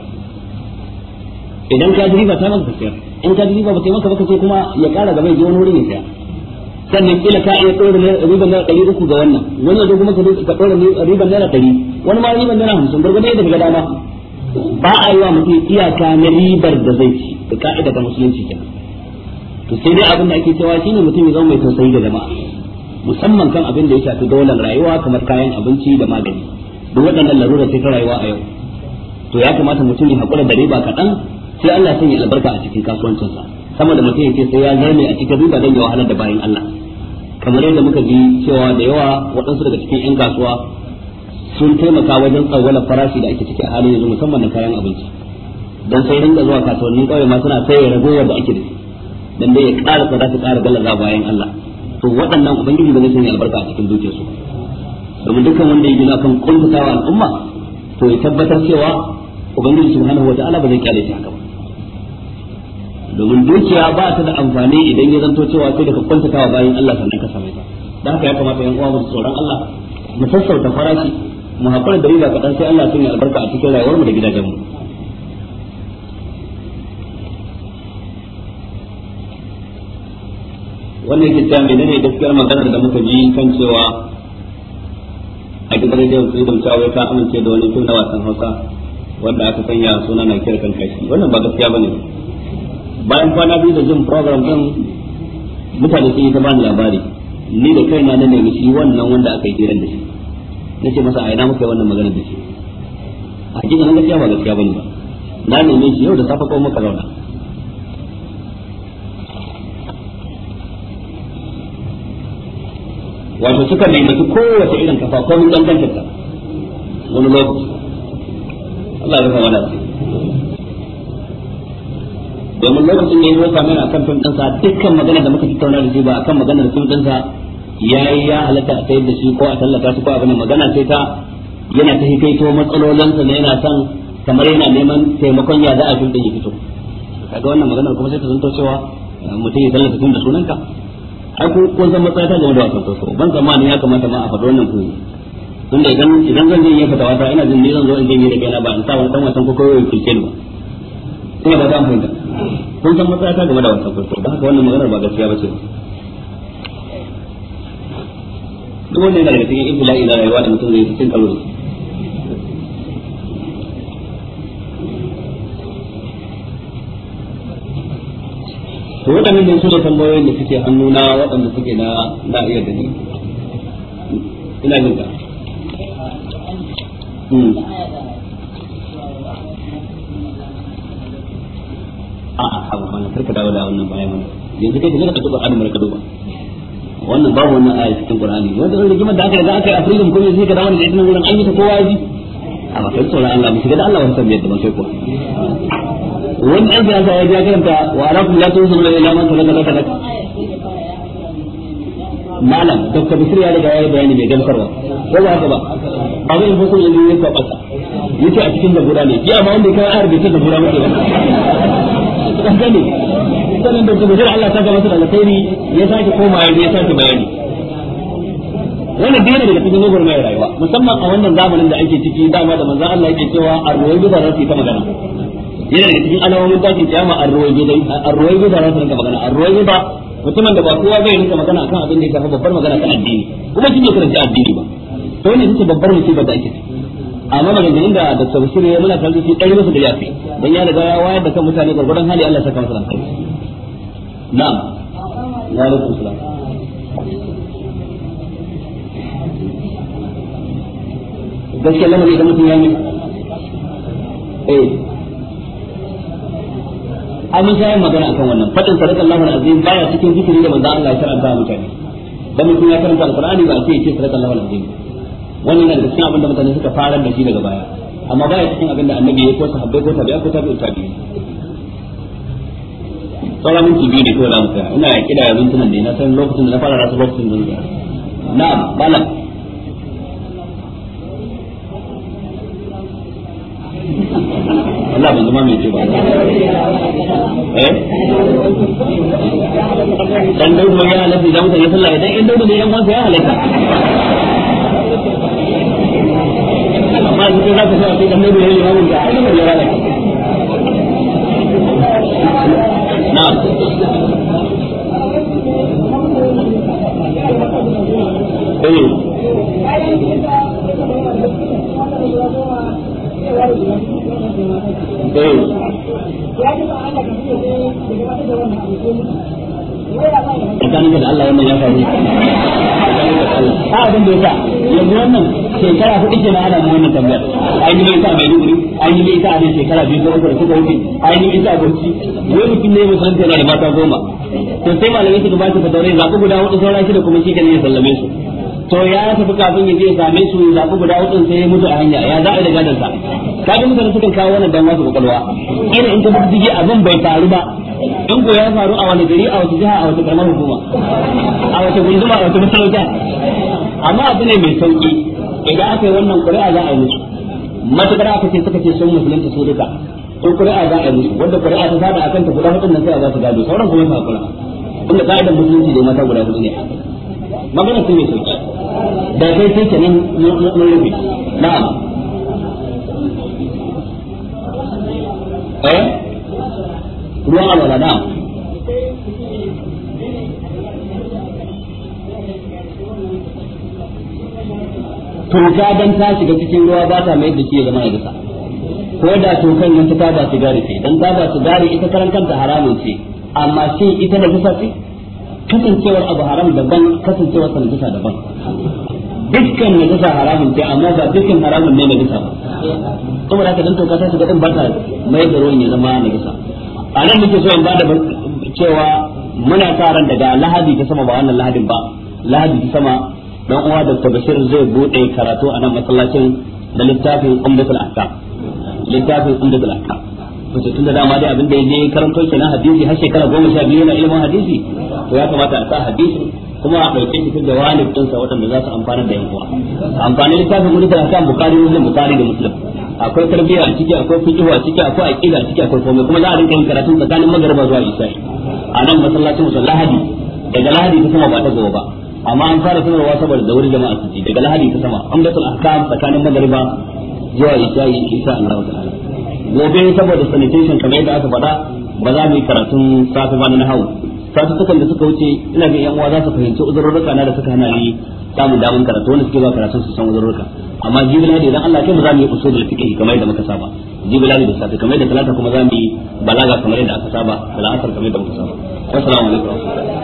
idan ka riba ta maka siya in ka riba ba ta maka ba ka kuma ya ƙara gaba ya wani wuri ne siya sannan kila ka iya ɗora riban naira ɗari uku ga wannan wani yanzu kuma ka ɗora riban naira ɗari wani ma riban naira hamsin gwargwado yadda ga dama ba a yi wa mutum iyaka na ribar da zai ci da ka'ida ta musulunci kenan to sai dai abin da ake cewa shine mutum ya zama mai tausayi da jama'a musamman kan abin da ya shafi daular rayuwa kamar kayan abinci da magani duk waɗannan larura sai ta rayuwa a yau to ya kamata mutum ya haƙura da riba kaɗan sai Allah sun yi albarka a cikin kasuwancinsa sama da mutum ya ce sai ya zame a cikin riba don ya wahalar da bayan Allah kamar yadda muka ji cewa da yawa waɗansu daga cikin 'yan kasuwa sun taimaka wajen tsawon farashi da ake ciki a halin yanzu musamman na kayan abinci don sai rinka zuwa kasuwannin ƙauye ma suna sai ragowar da ake da shi don dai ya ƙara tsada ta ƙara galaza bayan Allah to waɗannan ubangiji ba zai sanya albarka a cikin dukiyarsu domin dukkan wanda ya gina kan kuntatawa al'umma to ya tabbatar cewa ubangiji subhanahu wataala ba zai kyale shi haka ba domin dukiya ba ta da amfani idan ya zanto cewa sai daga ka kuntatawa bayan Allah sannan ka same ta da haka ya kamata yan uwa mu tsoron Allah mu sassauta farashi mu haƙura da riba kaɗan sai Allah sun yi albarka a cikin rayuwarmu da gidajenmu wannan ke mai menene gaskiyar maganar da muka ji kan cewa a gidan da su da cewa ta amince da wani fim na wasan Hausa wanda aka sanya suna na kira kan kashi wannan ba gaskiya bane bayan kwana biyu da jin program din mutane sun yi ta bani labari ni da kaina na nemi shi wannan wanda aka yi kiran da shi na ce masa a ina muka yi wannan maganar da shi a cikin gaskiya ba gaskiya bane ba na neme shi yau da safe ko muka zauna wato suka nemi kowace irin kafa ko mun dangantar ta wani lokaci Allah ya rufa mana domin lokacin da ya zo mana akan fim sa dukkan magana da muka tattauna da shi ba akan magana da fim dan ya yi ya halatta a sayar da shi ko a tallata su ko abin magana sai ta yana ta hikaito sa ne yana son kamar yana neman taimakon ya za a fim ɗin ya fito kaga wannan maganar kuma sai ta zanto cewa eh, mutum ya tallata tun da sunanka ai ko kun san matsaya ta game da wasan kwaso ban tsammani ya kamata ma a faɗi wannan koyi tunda idan idan zan je yin fatawa ta ina jin ne zan zo in ne da kaina ba in sa wani dan wasan kwaso ya kike ni ba sai ba zan fahimta kun san matsaya ta game da wasan kwaso ba haka wannan maganar ba gaskiya ba ce duk wanda yana daga cikin ibtila'i ila rayuwa da mutum zai cin karo to waɗannan ne su da tambayoyin da suke hannuna waɗanda suke na na iya dani ina jin ka hmm. a a a ba na karka dawo da wannan bayan mana yanzu kai ka duba Qur'ani mara ka duba wannan babu wannan aya cikin Qur'ani wanda rigimar da aka riga aka yi a freedom kuma zai ka dawo da ita nan wurin an yi ta kowa ji a matsayin tsoron Allah mu shiga da Allah wani tambayar yadda ba sai ko wani ɗan siyasa ya ja karanta wa alakum la tunsiru la ilaha illa anta sadaka malam dr bisir ya riga ya yi bayani mai gamsarwa ko ba haka ba ba zai fi sun yanzu yin kwaɓasa yace a cikin zabura ne ya ma wanda kai ayar bai ta zabura muke ba kan gane sanin da bisir Allah ta ga masa da alkhairi ya sake koma ya sake bayani wannan dai daga cikin gugur mai rayuwa musamman a wannan zamanin da ake ciki dama da manzon Allah yake cewa arwayi da za su ta magana yana daga cikin alamomin ta kiyama arwayi da arwayi da za ta magana magana arwayi ba mutumin da ba kowa zai rinka magana akan abin da ya shafi babbar magana ta addini kuma shi ne karanta addini ba to ne shi babbar musibar da ake ciki amma maganganun da da tafsir ya muna kan su ɗari musu da yafi dan ya riga ya wayar da kan mutane gurgurdan hali Allah saka masa alkhairi na'am wa alaikum salam gaskiya lamari idan mutum ya yi eh yin magana akan wannan fadin sadakallahu alazim baya cikin zikiri da manzo Allah ya karanta mutane dan mutum ya karanta alqur'ani ba sai ya ce sadakallahu alazim wannan yana da cikin abin da mutane suka fara da shi daga baya amma baya cikin abin da annabi ya ko sahabbai ko tabi'a ko tabi'u tabi'i sauran minti biyu ne kawai za mu tsaya ina kida yanzu tunan da na san lokacin da na fara rasu lokacin da na na'am Allah ban zama mai ce ba eh? dan daudu ya halatta idan mutane sallah idan in ne yan ya halatta amma za ka sa dan ne ya halatta na'am eh tsakanin a da shekara ke mu wannan tambayar mai a shekara biyu ko uku da suka wuce an yi a mutum ne da mata goma to sai malamai suka ba su fatawa zaɓi guda hudu kuma shi kan sallame su to ya tafi kafin ya je same su ya zaɓi guda hudun sai ya mutu a hanya ya za a da gadon sa kaga mutane sukan kawo wannan dan wasu kwakwalwa ina in ka jiki abin bai faru ba in ko ya faru a wani gari a wata jiha a wata karamar hukuma a wata gunduma a wata masarauta amma abu ne mai sauki idan aka yi wannan ƙuri'a za a yi musu matukar aka ce suka ce sun musulunta su duka in ƙuri'a za a yi musu wanda ƙuri'a ta sada a kanta guda hudun nan sai a za su gado sauran kuma ya fara kula Wanda ka'idar musulunci dai mata guda hudu ne magana su mai sauki da kai sai kenan mun rubi na'am eh ruwan alwala na'am toka dan ta shiga cikin ruwa ba ta mai jiki zama ya gasa ko da tokan nan ta ba gari ce dan ta ba gari ita karan kanta haramun ce amma shi ita da gasa ce kasancewar abu haram daban kasancewar sa najasa daban dukkan najasa haramun ce amma ba dukkan haramun ne najasa ba kuma da haka dan toka sai ga din ba ta mai da ruwan ya zama najasa a nan muke so in ba da cewa muna sa ran daga lahadi ta sama ba wannan lahadin ba lahadi ta sama dan uwa ta Bashir zai bude karatu a nan masallacin da littafin Umdatul Ahkam littafin Umdatul Ahkam wace tun da dama dai abin da ya karanto kenan hadisi har shekara goma sha biyu na ilimin hadisi to ya kamata a sa hadisi kuma a ɗauke shi da walib ɗinsa waɗanda za su amfana da yankuwa uwa amfani littafin wani da kan bukari muslim bukari da muslim akwai tarbiyya a ciki akwai fiqh a ciki akwai aqida a ciki akwai komai kuma za a rinka yin karatun tsakanin magariba zuwa isa. a nan masallacin musul lahadi daga lahadi ta sama ba ta gaba ba amma an fara sanarwa saboda da wuri jama'a su ji daga lahadi ta sama amdatul ahkam tsakanin magariba zuwa isha insha Allah ta'ala gobe saboda sanitation kamar yadda aka faɗa ba za mu yi karatun safi ba na hau sukan da suka wuce ina ga yan uwa za su fahimci uzurruka na da suka hana ni samun damun karatu wanda suke ba karatun su san uzurruka amma jibila ne idan Allah kai mu za mu yi usulul fiqh kamar yadda muka saba jibila da safi kamar yadda talata kuma za mu yi balaga kamar yadda aka saba da asar kamar yadda muka saba assalamu alaikum